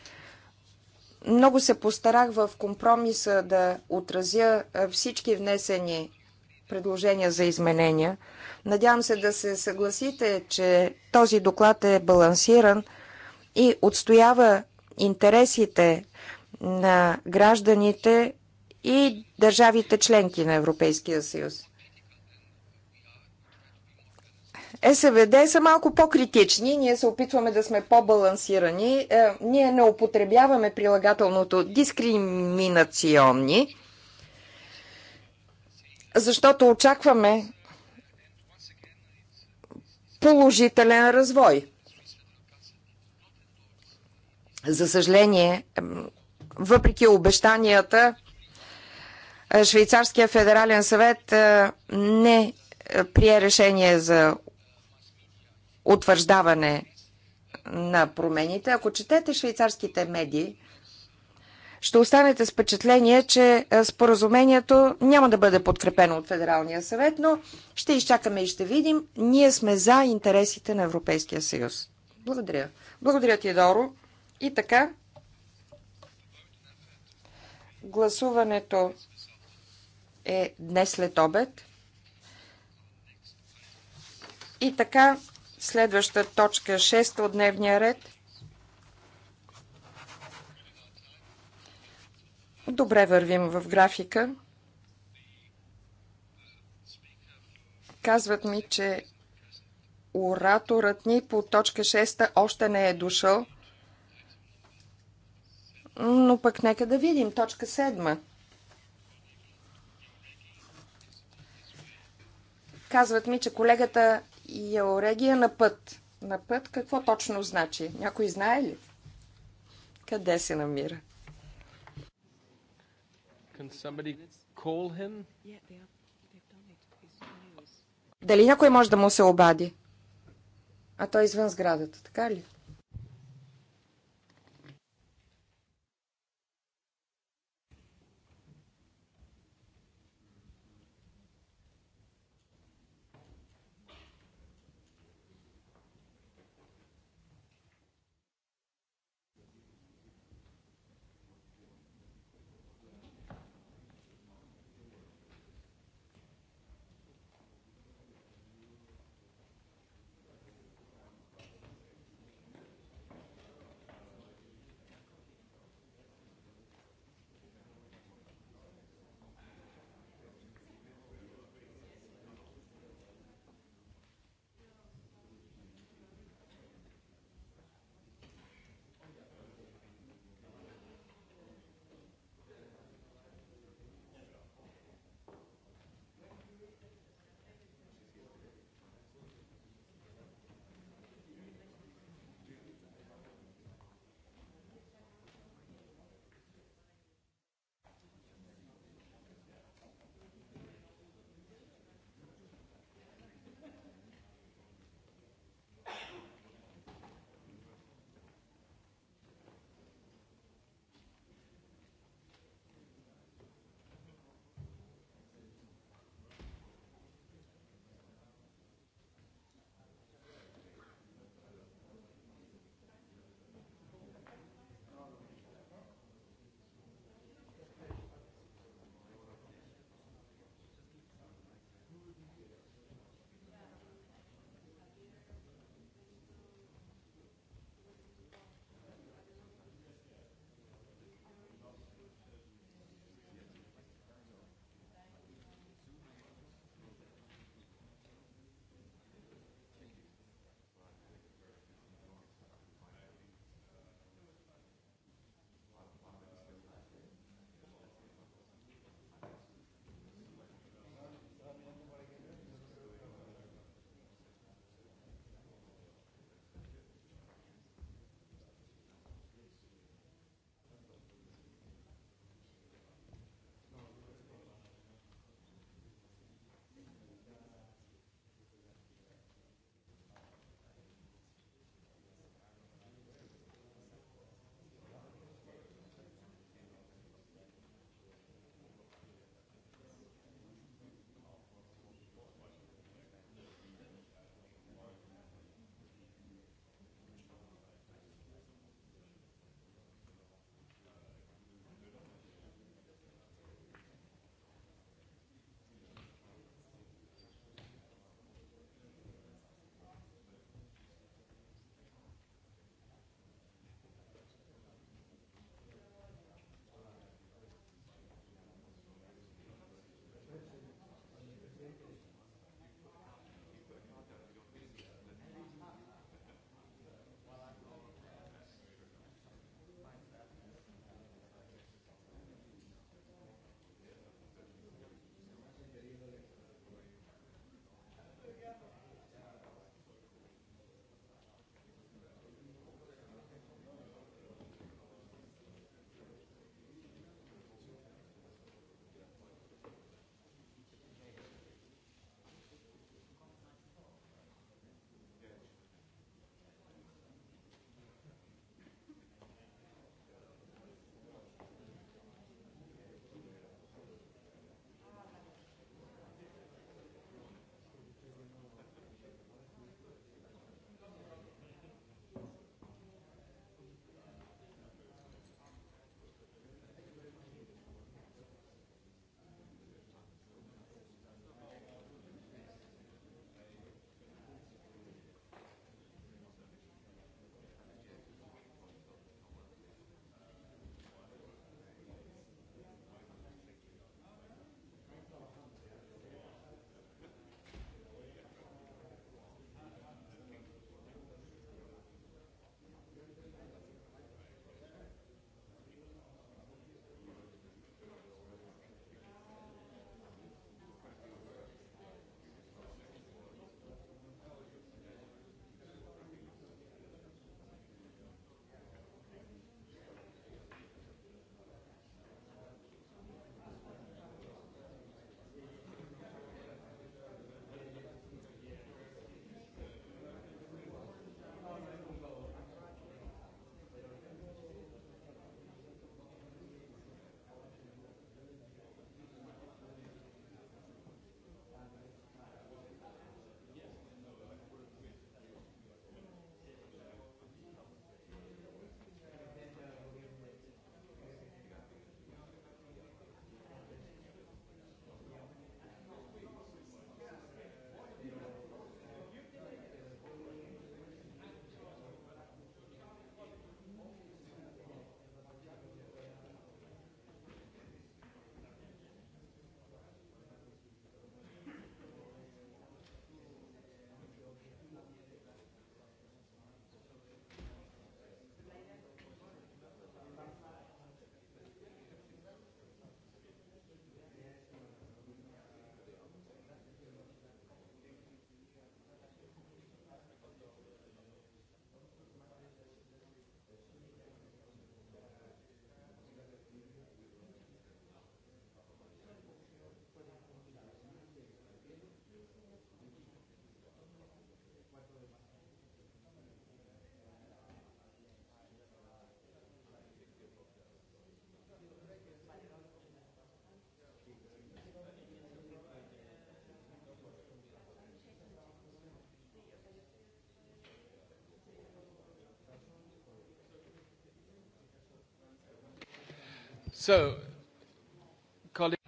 Много се постарах в компромиса да отразя всички внесени предложения за изменения. Надявам се да се съгласите, че този доклад е балансиран и отстоява интересите на гражданите и държавите членки на Европейския съюз. СВД са малко по-критични, ние се опитваме да сме по-балансирани, е, ние не употребяваме прилагателното дискриминационни, защото очакваме положителен развой. За съжаление, въпреки обещанията, е, Швейцарския федерален съвет е, не прие решение за утвърждаване на промените. Ако четете швейцарските медии, ще останете с впечатление, че е, споразумението няма да бъде подкрепено от Федералния съвет, но ще изчакаме и ще видим. Ние сме за интересите на Европейския съюз. Благодаря. Благодаря ти, Доро. И така, гласуването е днес след обед. И така, Следваща точка 6 от дневния ред. Добре вървим в графика. Казват ми, че ораторът ни по точка 6 още не е дошъл. Но пък нека да видим точка 7. Казват ми, че колегата Еорегия на път. На път какво точно значи? Някой знае ли? Къде се намира? Дали някой може да му се обади? А той е извън сградата, така ли?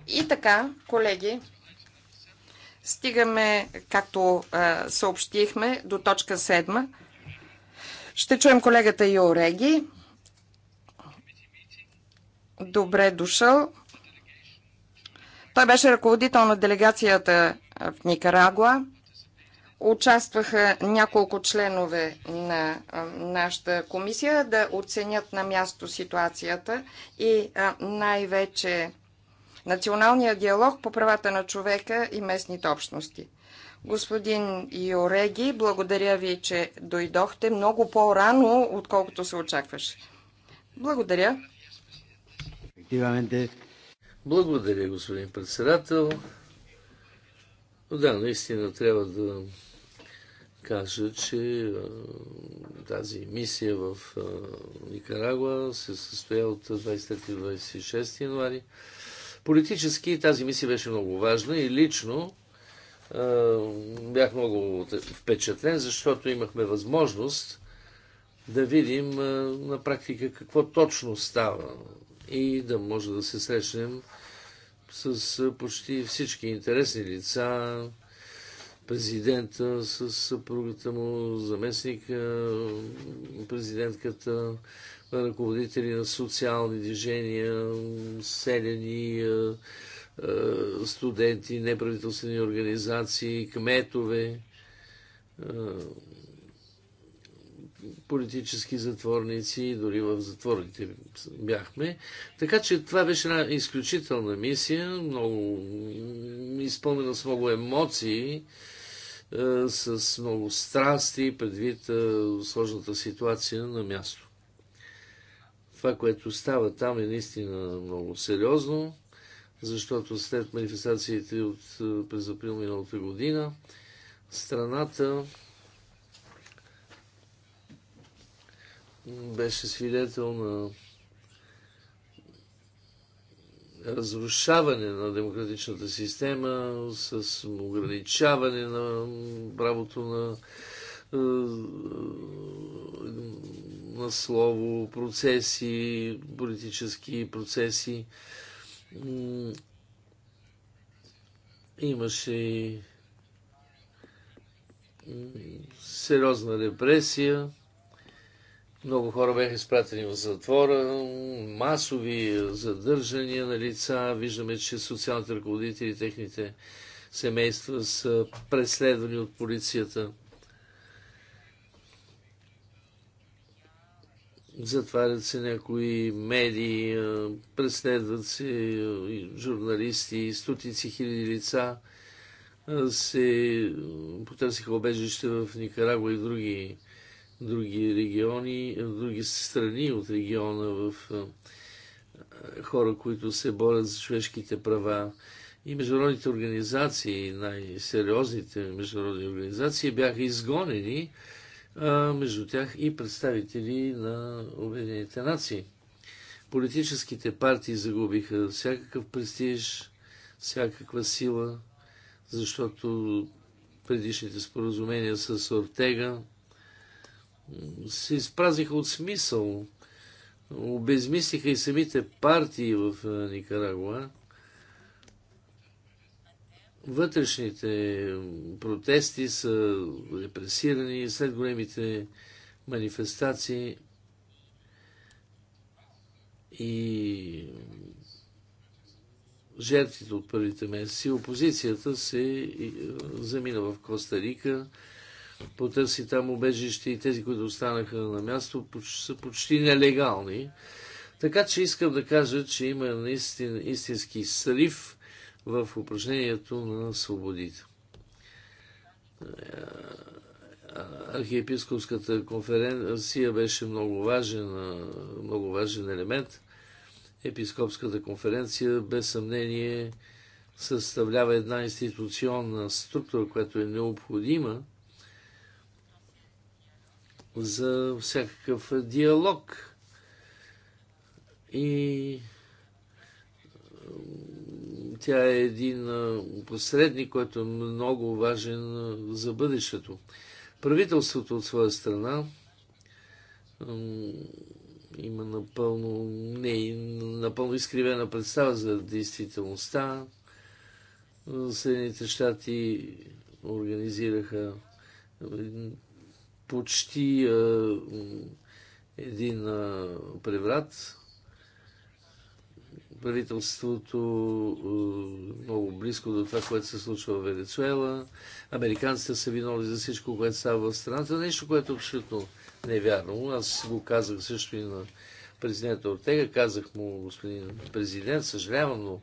и така, колеги, стигаме, както а, съобщихме, до точка 7. Ще чуем колегата Йореги. Добре дошъл. Той беше ръководител на делегацията в Никарагуа участваха няколко членове на нашата комисия да оценят на място ситуацията и най-вече националния диалог по правата на човека и местните общности. Господин Йореги, благодаря ви, че дойдохте много по-рано, отколкото се очакваше. Благодаря. Благодаря, господин председател. Да, наистина трябва да кажа, че тази мисия в Никарагуа се състоя от 23-26 януари. Политически тази мисия беше много важна и лично бях много впечатлен, защото имахме възможност да видим на практика какво точно става и да може да се срещнем с почти всички интересни лица, президента, с съпругата му, заместника, президентката, ръководители на социални движения, селени, студенти, неправителствени организации, кметове, политически затворници, дори в затворите бяхме. Така че това беше една изключителна мисия, много изпълнена с много емоции. Е, с много страсти предвид е, сложната ситуация на място. Това, което става там е наистина много сериозно, защото след манифестациите от, е, през април миналата година, страната беше свидетел на разрушаване на демократичната система, с ограничаване на правото на, е, на слово, процеси, политически процеси. Имаше и сериозна репресия. Много хора бяха изпратени в затвора, масови задържания на лица. Виждаме, че социалните ръководители и техните семейства са преследвани от полицията. Затварят се някои медии, преследват се журналисти, стотици хиляди лица се потърсиха обежище в Никарагуа и други други региони, други страни от региона, в хора, които се борят за човешките права. И международните организации, най-сериозните международни организации бяха изгонени, а между тях и представители на Обединените нации. Политическите партии загубиха всякакъв престиж, всякаква сила, защото предишните споразумения с Ортега се изпразиха от смисъл. Обезмислиха и самите партии в Никарагуа. Вътрешните протести са репресирани след големите манифестации и жертвите от първите месеци, опозицията се замина в Коста Рика, потърси там убежище и тези, които останаха на място, са почти нелегални. Така че искам да кажа, че има наистина истински срив в упражнението на свободите. Архиепископската конференция беше много важен, много важен елемент. Епископската конференция, без съмнение, съставлява една институционна структура, която е необходима, за всякакъв диалог. И тя е един посредник, който е много важен за бъдещето. Правителството от своя страна има напълно, не, напълно изкривена представа за действителността. Съединените щати организираха почти а, един а, преврат. Правителството а, много близко до това, което се случва в Венецуела. Американците са виновни за всичко, което става в страната. Нещо, което е абсолютно Аз го казах също и на президента Ортега. Казах му, господин президент, съжалявам, но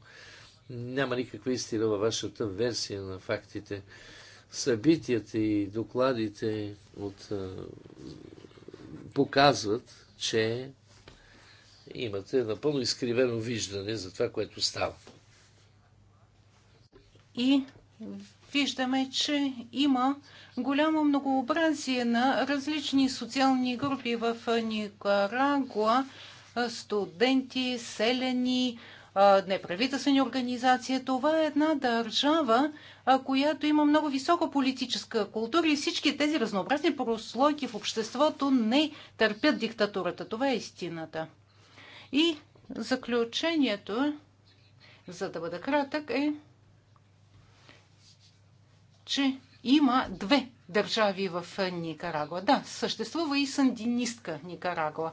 няма никаква истина във вашата версия на фактите събитията и докладите от, показват, че имате напълно изкривено виждане за това, което става. И виждаме, че има голямо многообразие на различни социални групи в Никарагуа, студенти, селени, неправителствени организации. Това е една държава, която има много висока политическа култура и всички тези разнообразни прослойки в обществото не търпят диктатурата. Това е истината. И заключението, за да бъда кратък, е, че има две държави в Никарагуа. Да, съществува и сандинистка Никарагуа.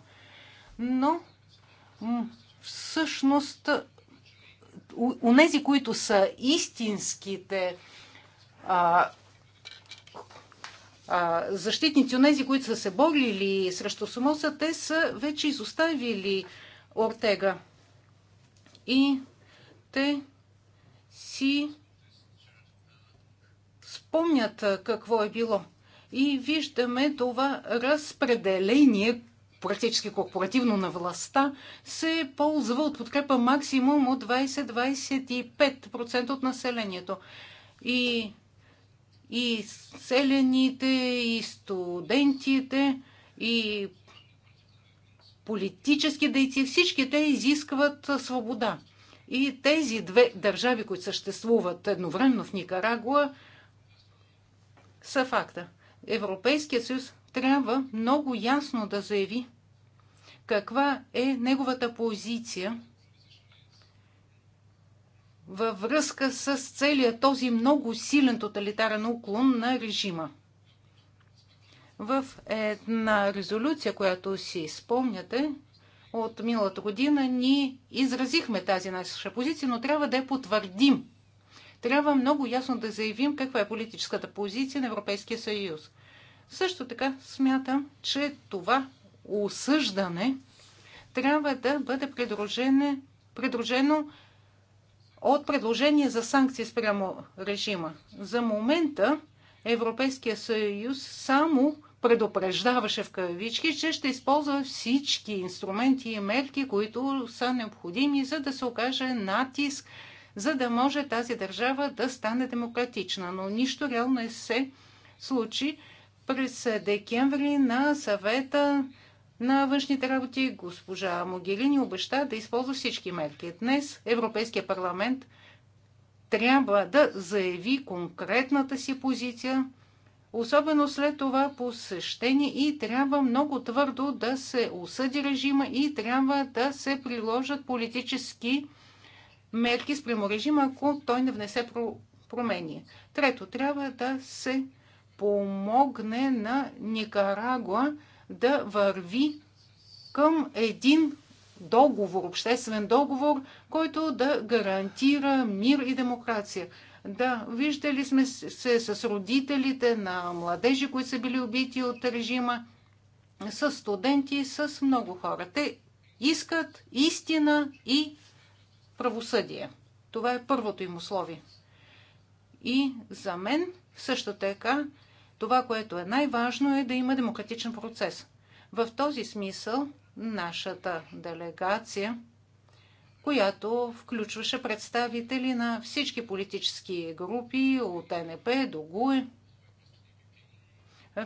Но всъщност унези, които са истинските а, а, защитници, унези, които са се борили срещу Сомоса, те са вече изоставили Ортега. И те си спомнят какво е било. И виждаме това разпределение, практически корпоративно на властта, се е ползва от подкрепа максимум от 20-25% от населението. И, и селените, и студентите, и политически дейци, всички те изискват свобода. И тези две държави, които съществуват едновременно в Никарагуа, са факта. Европейския съюз трябва много ясно да заяви каква е неговата позиция във връзка с целият този много силен тоталитарен уклон на режима. В една резолюция, която си спомняте, от миналата година ние изразихме тази наша позиция, но трябва да я потвърдим. Трябва много ясно да заявим каква е политическата позиция на Европейския съюз. Също така смятам, че това осъждане трябва да бъде придружено от предложение за санкции спрямо режима. За момента Европейския съюз само предупреждаваше в кавички, че ще използва всички инструменти и мерки, които са необходими, за да се окаже натиск, за да може тази държава да стане демократична. Но нищо реално не се случи. През декември на съвета на външните работи госпожа Могелини обеща да използва всички мерки. Днес Европейския парламент трябва да заяви конкретната си позиция, особено след това посещение и трябва много твърдо да се осъди режима и трябва да се приложат политически мерки спрямо режима, ако той не внесе промени. Трето, трябва да се помогне на Никарагуа да върви към един договор, обществен договор, който да гарантира мир и демокрация. Да, виждали сме се с родителите на младежи, които са били убити от режима, с студенти, с много хора. Те искат истина и правосъдие. Това е първото им условие. И за мен също така това, което е най-важно е да има демократичен процес. В този смисъл нашата делегация, която включваше представители на всички политически групи от НП до ГУЕ,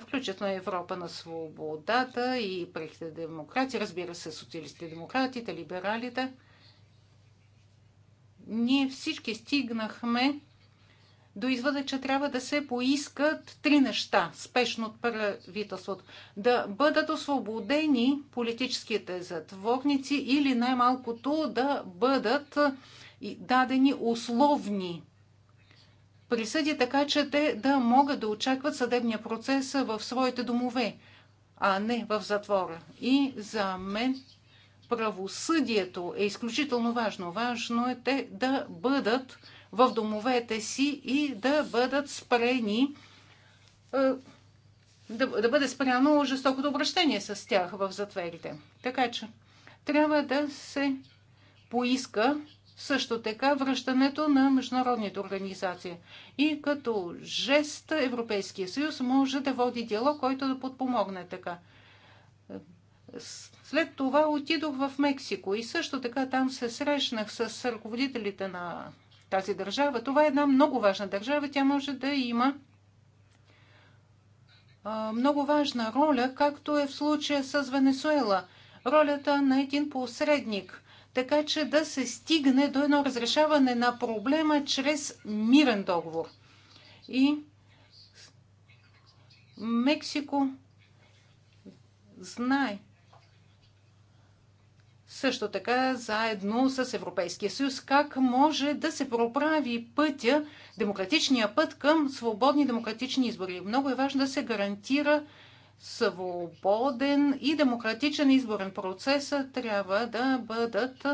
включително Европа на свободата и прехите демократи, разбира се, социалистите демократите, либералите. Ние всички стигнахме до извода, че трябва да се поискат три неща спешно от правителството. Да бъдат освободени политическите затворници или най-малкото да бъдат дадени условни присъди, така че те да могат да очакват съдебния процес в своите домове, а не в затвора. И за мен правосъдието е изключително важно. Важно е те да бъдат в домовете си и да бъдат спрени е, да, да бъде спряно жестокото обращение с тях в затверите. Така че трябва да се поиска също така връщането на международните организации. И като жест Европейския съюз може да води дело, който да подпомогне така. След това отидох в Мексико и също така там се срещнах с ръководителите на тази държава. Това е една много важна държава. Тя може да има много важна роля, както е в случая с Венесуела. Ролята на един посредник, така че да се стигне до едно разрешаване на проблема чрез мирен договор. И Мексико знае, също така заедно с Европейския съюз, как може да се проправи пътя, демократичния път към свободни демократични избори. Много е важно да се гарантира свободен и демократичен изборен процес. Трябва да бъдат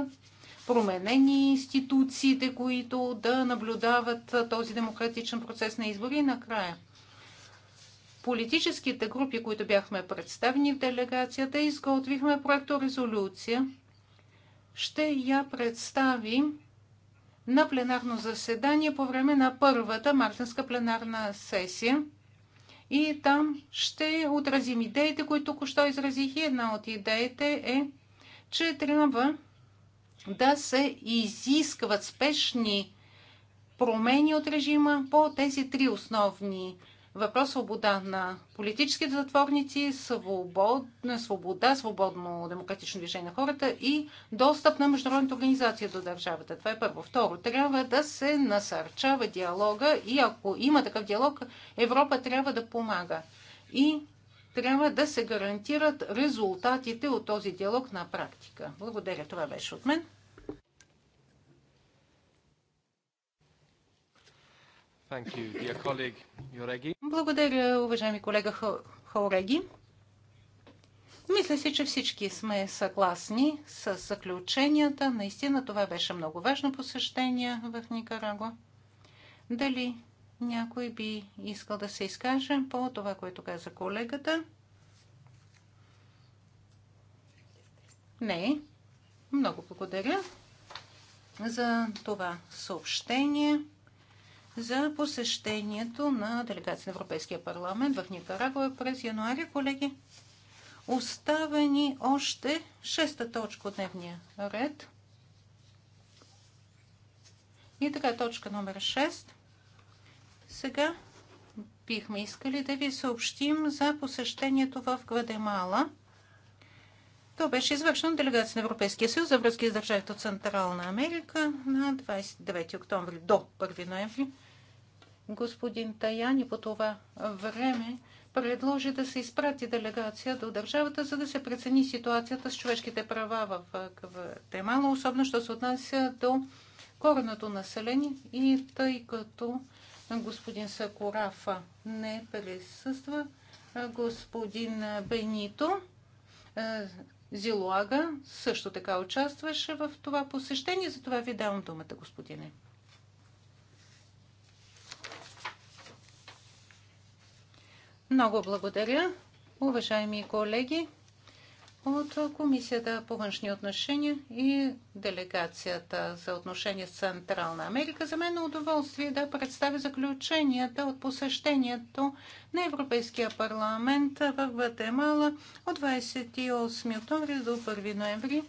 променени институциите, които да наблюдават този демократичен процес на избори. И накрая политическите групи, които бяхме представени в делегацията, изготвихме резолюция ще я представим на пленарно заседание по време на първата мартинска пленарна сесия. И там ще отразим идеите, които току-що изразих. И една от идеите е, че трябва да се изискват спешни промени от режима по тези три основни въпрос свобода на политическите затворници, свободна свобода, свободно демократично движение на хората и достъп на международната организация до държавата. Това е първо. Второ, трябва да се насърчава диалога и ако има такъв диалог, Европа трябва да помага. И трябва да се гарантират резултатите от този диалог на практика. Благодаря. Това беше от мен. Благодаря, уважаеми колега Хауреги. Мисля си, че всички сме съгласни с заключенията. Наистина това беше много важно посещение в Никарагуа. Дали някой би искал да се изкаже по това, което каза колегата? Не. Много благодаря за това съобщение за посещението на делегация на Европейския парламент в Никарагуа през януари, колеги. Остава ни още шеста точка от дневния ред. И така, точка номер 6. Сега бихме искали да ви съобщим за посещението в Гвадемала, То беше извършено делегация на Европейския съюз за връзки с държавите от Централна Америка на 29 октомври до 1 ноември господин Таяни по това време предложи да се изпрати делегация до държавата, за да се прецени ситуацията с човешките права в Гватемала, особено що се отнася до коренното население и тъй като господин Сакурафа не присъства, господин Бенито Зилуага също така участваше в това посещение, затова ви давам думата, господине. Много благодаря, уважаеми колеги от Комисията по външни отношения и делегацията за отношения с Централна Америка. За мен е удоволствие да представя заключенията от посещението на Европейския парламент в Гватемала от 28 октомври до 1 ноември.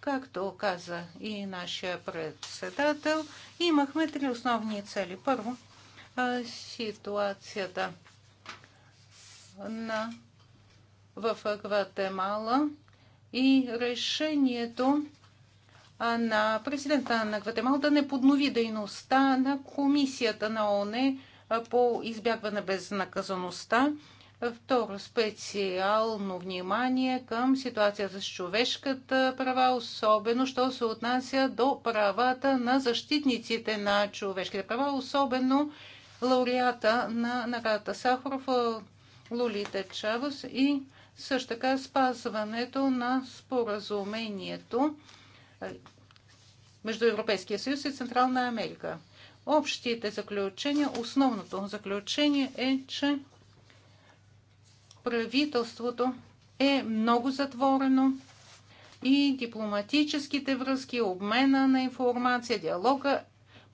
Както каза и нашия председател, имахме три основни цели. Първо, ситуацията на, в Гватемала и решението на президента на Гватемала да не поднови дейността на комисията на ОНЕ по избягване безнаказаността. Второ, специално внимание към ситуацията с човешката права, особено що се отнася до правата на защитниците на човешките права, особено лауреата на наградата Сахаров Лолита Чавос и също така спазването на споразумението между Европейския съюз и Централна Америка. Общите заключения, основното заключение е, че правителството е много затворено и дипломатическите връзки, обмена на информация, диалога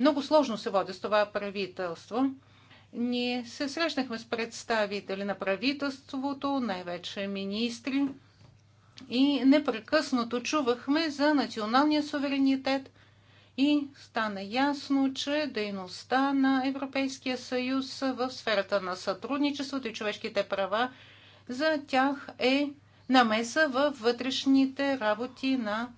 много сложно се води с това правителство. Ние се срещнахме с представители на правителството, най-вече министри, и непрекъснато чувахме за националния суверенитет и стана ясно, че дейността на Европейския съюз в сферата на сътрудничеството и човешките права за тях е намеса във вътрешните работи на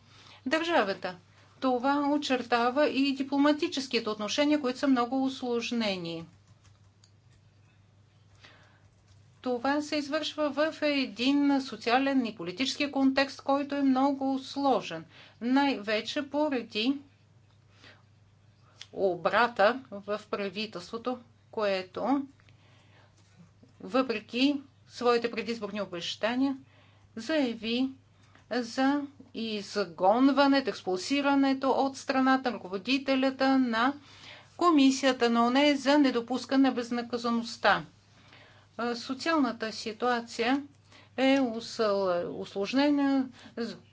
държавата. Това очертава и дипломатическите отношения, които са много усложнени. това се извършва в един социален и политически контекст, който е много сложен. Най-вече поради обрата в правителството, което въпреки своите предизборни обещания заяви за изгонването, експулсирането от страната на ръководителята на Комисията на ОНЕ за недопускане безнаказаността. Социалната ситуация е осложнена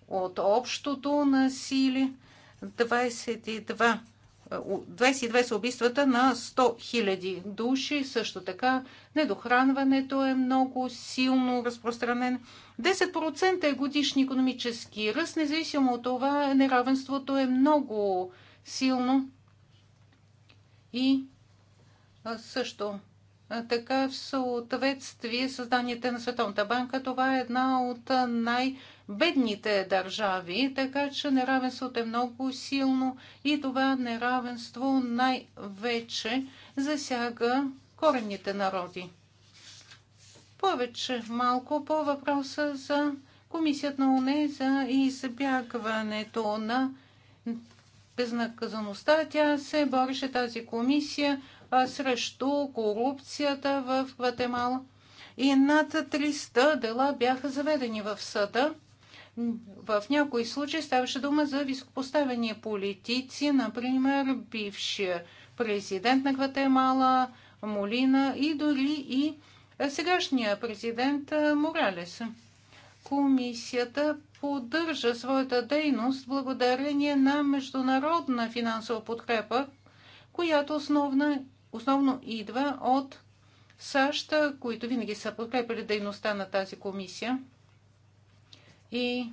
от общото насилие. 22 22 са убийствата на 100 000 души. Също така недохранването е много силно разпространено. 10% е годишни економически ръст. Независимо от това, неравенството е много силно. И също така в съответствие с данните на Световната банка, това е една от най-бедните държави, така че неравенството е много силно и това неравенство най-вече засяга коренните народи. Повече малко по въпроса за Комисията на ОНЕ за избягването на безнаказаността. Тя се бореше тази комисия срещу корупцията в Гватемала. И над 300 дела бяха заведени в съда. В някои случаи ставаше дума за високопоставени политици, например бившия президент на Гватемала, Молина и дори и сегашния президент Моралес. Комисията поддържа своята дейност благодарение на международна финансова подкрепа, която основна основно идва от САЩ, които винаги са подкрепили дейността на тази комисия. И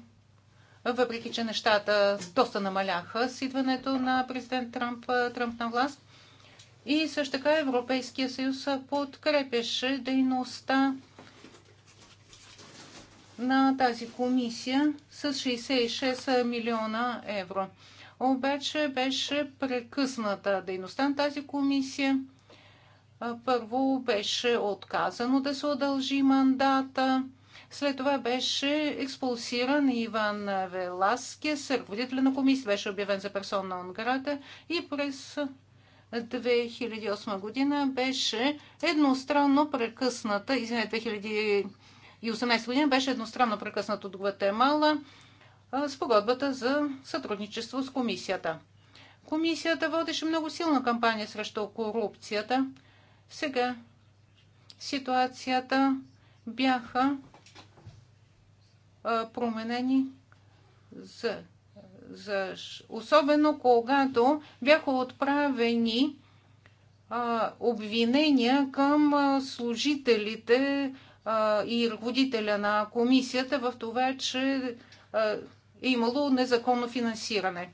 въпреки, че нещата доста намаляха с идването на президент Трамп, Трамп на власт, и също така Европейския съюз подкрепеше дейността на тази комисия с 66 милиона евро обаче беше прекъсната дейността на тази комисия. Първо беше отказано да се удължи мандата. След това беше експулсиран Иван Веласкес, ръководителя на комисия, беше обявен за персона Онграда и през 2008 година беше едностранно прекъсната, извинете, 2018 година беше едностранно прекъснат от Гватемала спогодбата за сътрудничество с комисията. Комисията водеше много силна кампания срещу корупцията. Сега ситуацията бяха променени за, за, особено когато бяха отправени а, обвинения към служителите а, и ръководителя на комисията в това, че а, е имало незаконно финансиране.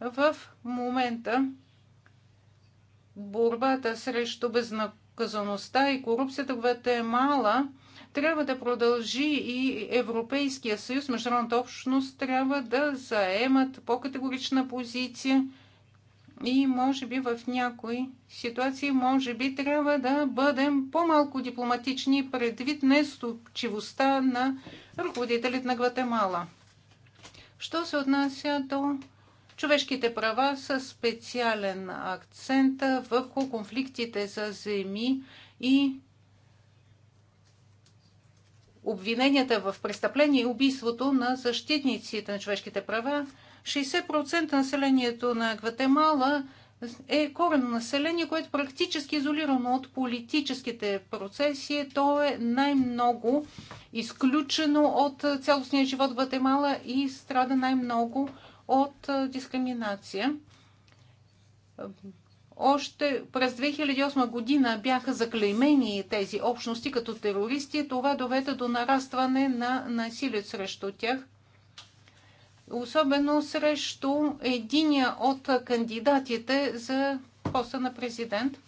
В момента борбата срещу безнаказаността и корупцията в Гватемала трябва да продължи и Европейския съюз, международната общност трябва да заемат по-категорична позиция и може би в някои ситуации, може би трябва да бъдем по-малко дипломатични предвид нестопчивостта на ръководителите на Гватемала. Що се отнася до човешките права с специален акцент върху конфликтите за земи и обвиненията в престъпление и убийството на защитниците на човешките права. 60% населението на Гватемала е корено население, което практически е изолирано от политическите процеси. То е най-много изключено от цялостния живот в Гватемала и страда най-много от дискриминация. Още през 2008 година бяха заклеймени тези общности като терористи. Това доведе до нарастване на насилие срещу тях – особено срещу единия от кандидатите за поста на президент.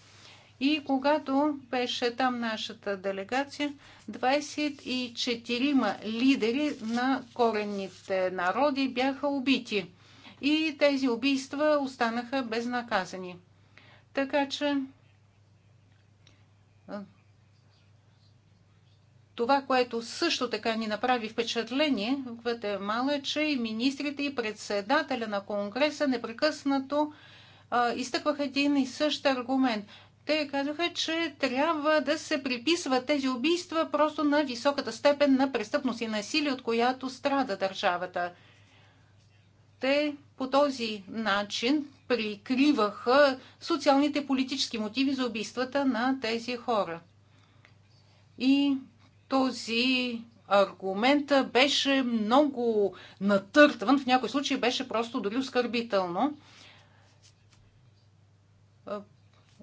И когато беше там нашата делегация, 24 лидери на коренните народи бяха убити. И тези убийства останаха безнаказани. Така че това, което също така ни направи впечатление в Гватемала, е, че и министрите и председателя на Конгреса непрекъснато а, изтъкваха един и същ аргумент. Те казаха, че трябва да се приписват тези убийства просто на високата степен на престъпност и насилие, от която страда държавата. Те по този начин прикриваха социалните и политически мотиви за убийствата на тези хора. И този аргумент беше много натъртван, в някои случаи беше просто дори оскърбително.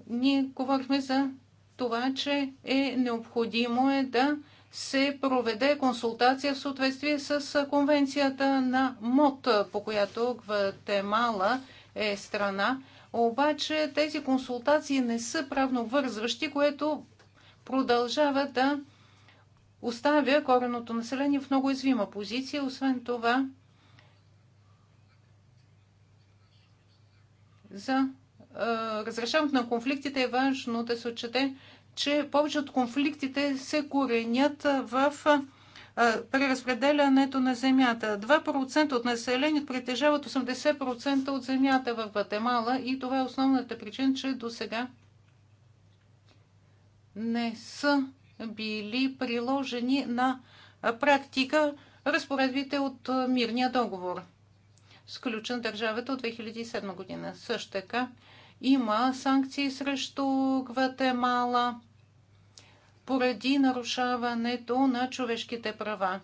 Ние говорихме за това, че е необходимо е да се проведе консултация в съответствие с конвенцията на МОД, по която Гватемала е страна. Обаче тези консултации не са правно вързващи, което продължава да оставя кореното население в много извима позиция. Освен това, за разрешаването на конфликтите е важно да се отчете, че повече от конфликтите се коренят в преразпределянето на земята. 2% от населението притежават 80% от земята в Гватемала и това е основната причина, че до сега не са били приложени на практика разпоредбите от мирния договор, сключен държавата от 2007 година. Също така има санкции срещу Гватемала поради нарушаването на човешките права.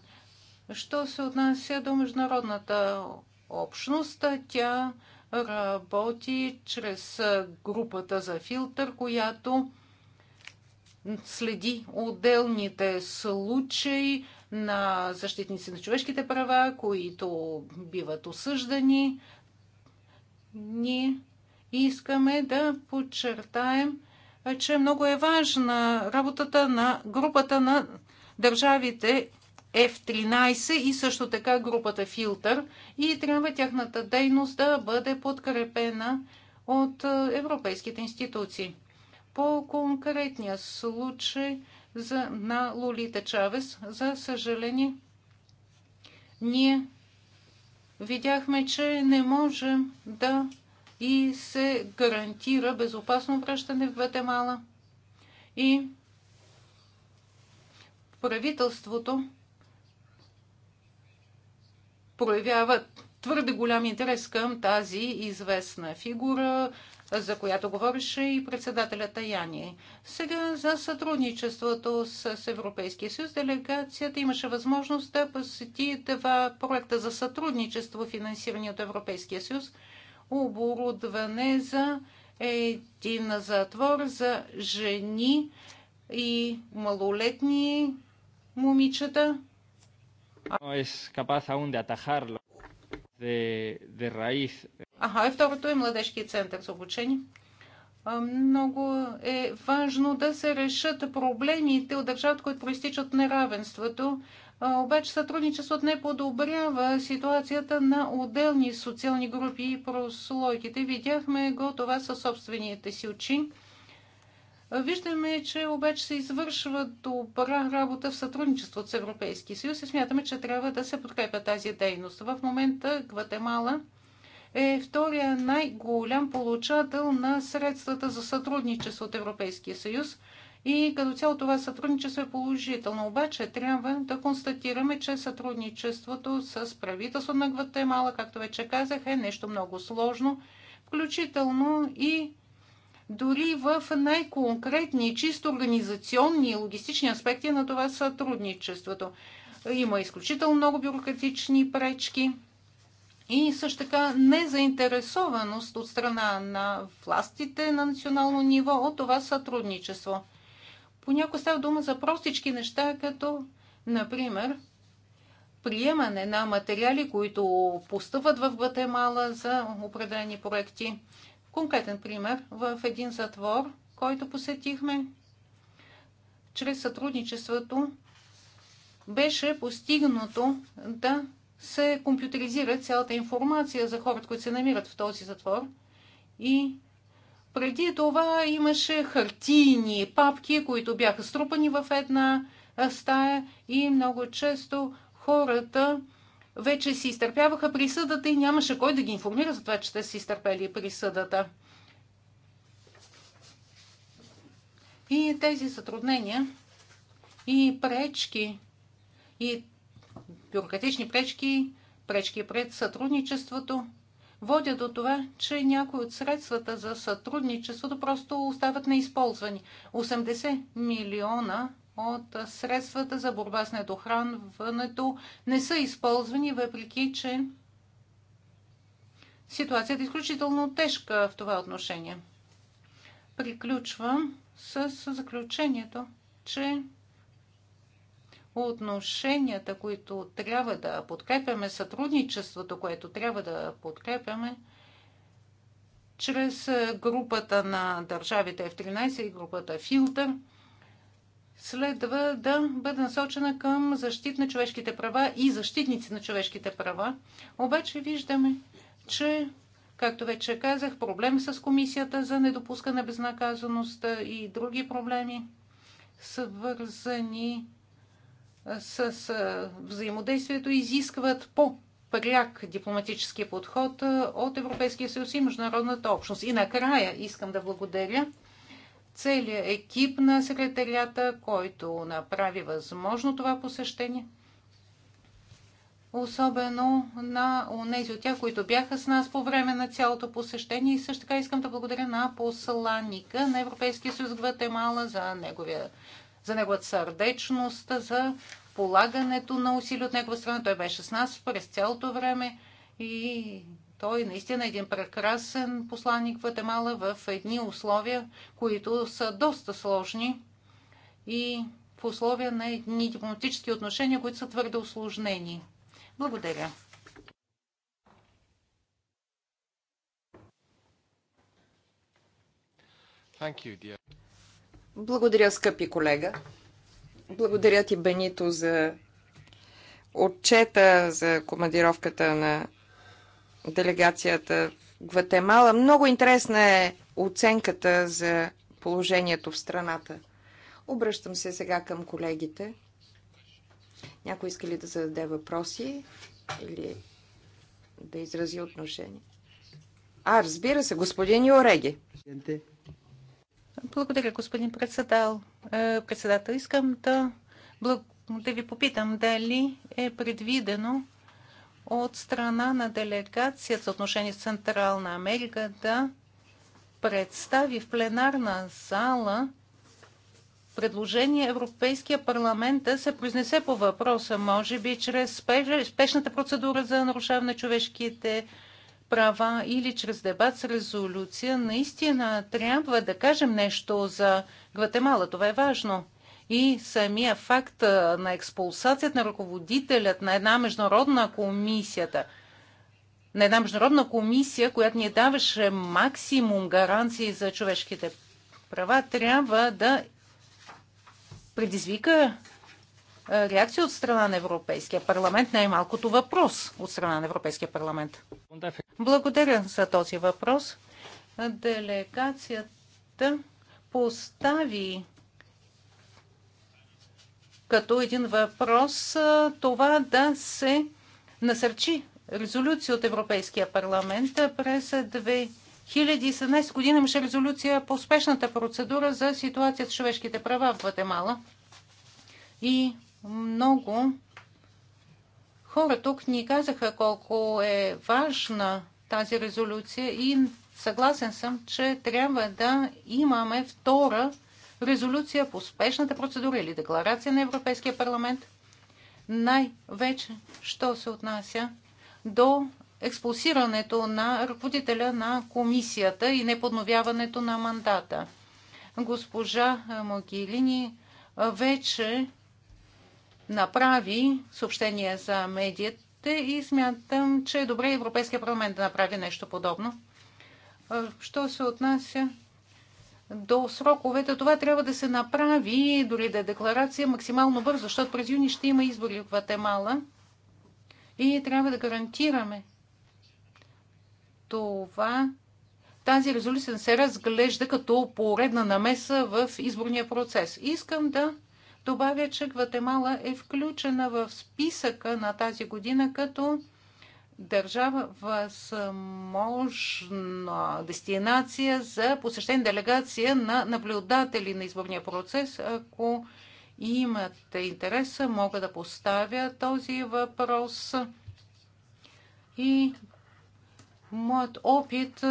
Що се отнася до международната общност, тя работи чрез групата за филтър, която следи отделните случаи на защитници на човешките права, които биват осъждани. Ние искаме да подчертаем, че много е важна работата на групата на държавите F13 и също така групата Филтър и трябва тяхната дейност да бъде подкрепена от е, европейските институции. По конкретния случай за, на Лолита Чавес, за съжаление, ние видяхме, че не можем да и се гарантира безопасно връщане в Гватемала. И правителството проявява твърде голям интерес към тази известна фигура, за която говореше и председателя Таяни. Сега за сътрудничеството с Европейския съюз делегацията имаше възможност да посети два проекта за сътрудничество, финансирани от Европейския съюз, оборудване за един затвор за жени и малолетни момичета. No es е capaz aún de de, de raíz Ага, и второто е младежки център за обучение. Много е важно да се решат проблемите от държавата, които проистичат неравенството. Обаче сътрудничеството не подобрява ситуацията на отделни социални групи и прослойките. Видяхме го това със собствените си очи. Виждаме, че обаче се извършва добра работа в сътрудничество с Европейския съюз и смятаме, че трябва да се подкрепя тази дейност. В момента Гватемала е втория най-голям получател на средствата за сътрудничество от Европейския съюз. И като цяло това сътрудничество е положително. Обаче трябва да констатираме, че сътрудничеството с правителството на Гватемала, както вече казах, е нещо много сложно, включително и дори в най-конкретни, чисто организационни и логистични аспекти на това сътрудничеството. Има изключително много бюрократични пречки – и също така незаинтересованост от страна на властите на национално ниво от това сътрудничество. Понякога става дума за простички неща, като, например, приемане на материали, които постъпват в Гватемала за определени проекти. Конкретен пример в един затвор, който посетихме, чрез сътрудничеството беше постигнато да се компютеризира цялата информация за хората, които се намират в този затвор. И преди това имаше хартийни папки, които бяха струпани в една стая и много често хората вече си изтърпяваха присъдата и нямаше кой да ги информира за това, че те си изтърпели присъдата. И тези сътруднения и пречки и бюрократични пречки, пречки пред сътрудничеството, водят до това, че някои от средствата за сътрудничеството просто остават неизползвани. 80 милиона от средствата за борба с недохранването не са използвани, въпреки че ситуацията е изключително тежка в това отношение. Приключвам с заключението, че отношенията, които трябва да подкрепяме, сътрудничеството, което трябва да подкрепяме, чрез е, групата на държавите F13 и групата Филтър, следва да бъде насочена към защит на човешките права и защитници на човешките права. Обаче виждаме, че, както вече казах, проблем с комисията за недопускане безнаказаност и други проблеми, свързани с взаимодействието изискват по пряк дипломатически подход от Европейския съюз и международната общност. И накрая искам да благодаря целият екип на секретарията, който направи възможно това посещение. Особено на тези от тях, които бяха с нас по време на цялото посещение. И също така искам да благодаря на посланника на Европейския съюз Гватемала за неговия за неговата сърдечност, за полагането на усилия от негова страна. Той беше с нас през цялото време и той наистина е един прекрасен посланник в Атемала в едни условия, които са доста сложни и в условия на едни дипломатически отношения, които са твърде осложнени. Благодаря. Thank you, dear. Благодаря, скъпи колега. Благодаря ти, Бенито, за отчета за командировката на делегацията в Гватемала. Много интересна е оценката за положението в страната. Обръщам се сега към колегите. Някой иска ли да зададе въпроси или да изрази отношение? А, разбира се, господин Йореги. Благодаря, господин председател. Е, председател, искам да, да ви попитам дали е предвидено от страна на делегацията за отношение с Централна Америка да представи в пленарна зала предложение Европейския парламент да се произнесе по въпроса, може би чрез спешната процедура за нарушаване на човешките права или чрез дебат с резолюция, наистина трябва да кажем нещо за Гватемала. Това е важно. И самия факт на експулсацията на ръководителят на една международна комисията, на една международна комисия, която ни даваше максимум гаранции за човешките права, трябва да предизвика е, реакция от страна на Европейския парламент, най-малкото въпрос от страна на Европейския парламент. Благодаря за този въпрос. Делегацията постави като един въпрос е, това да се насърчи резолюция от Европейския парламент през 2017 година имаше резолюция по успешната процедура за ситуация с човешките права в Гватемала. И много хора тук ни казаха колко е важна тази резолюция и съгласен съм, че трябва да имаме втора резолюция по спешната процедура или декларация на Европейския парламент, най-вече, що се отнася до експулсирането на ръководителя на комисията и неподновяването на мандата. Госпожа Могилини вече направи съобщение за медиите и смятам, че е добре Европейския парламент да направи нещо подобно. Що се отнася до сроковете, това трябва да се направи, дори да е декларация, максимално бързо, защото през юни ще има избори в Гватемала и трябва да гарантираме това, тази резолюция се разглежда като поредна намеса в изборния процес. Искам да добавя, че Гватемала е включена в списъка на тази година като държава възможна дестинация за посещение делегация на наблюдатели на изборния процес. Ако имате интерес, мога да поставя този въпрос. И моят опит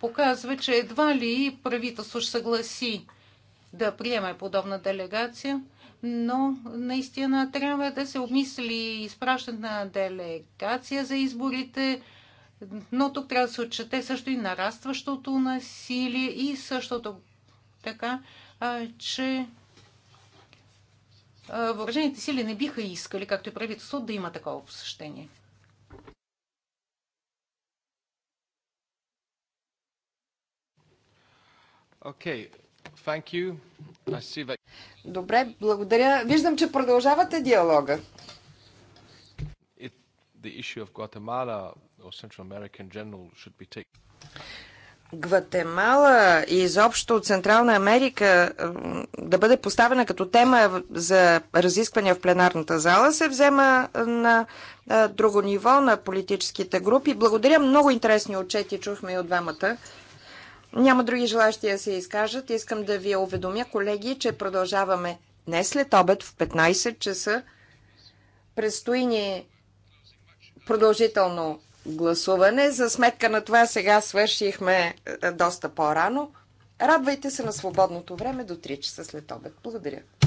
показва, че едва ли правителство ще съгласи да приеме подобна делегация но наистина трябва да се обмисли изпращане на делегация за изборите, но тук трябва да се отчете също и нарастващото насилие и същото така, че въоръжените сили не биха искали, както и правителство, да има такова посещение. Okay, That... Добре, благодаря. Виждам, че продължавате диалога. Гватемала и изобщо Централна Америка да бъде поставена като тема за разисквания в пленарната зала се взема на друго ниво на политическите групи. Благодаря, много интересни отчети чухме и от двамата. Няма други желащи да се изкажат. Искам да ви уведомя, колеги, че продължаваме не след обед в 15 часа. Предстои ни продължително гласуване. За сметка на това сега свършихме е, доста по-рано. Радвайте се на свободното време до 3 часа след обед. Благодаря.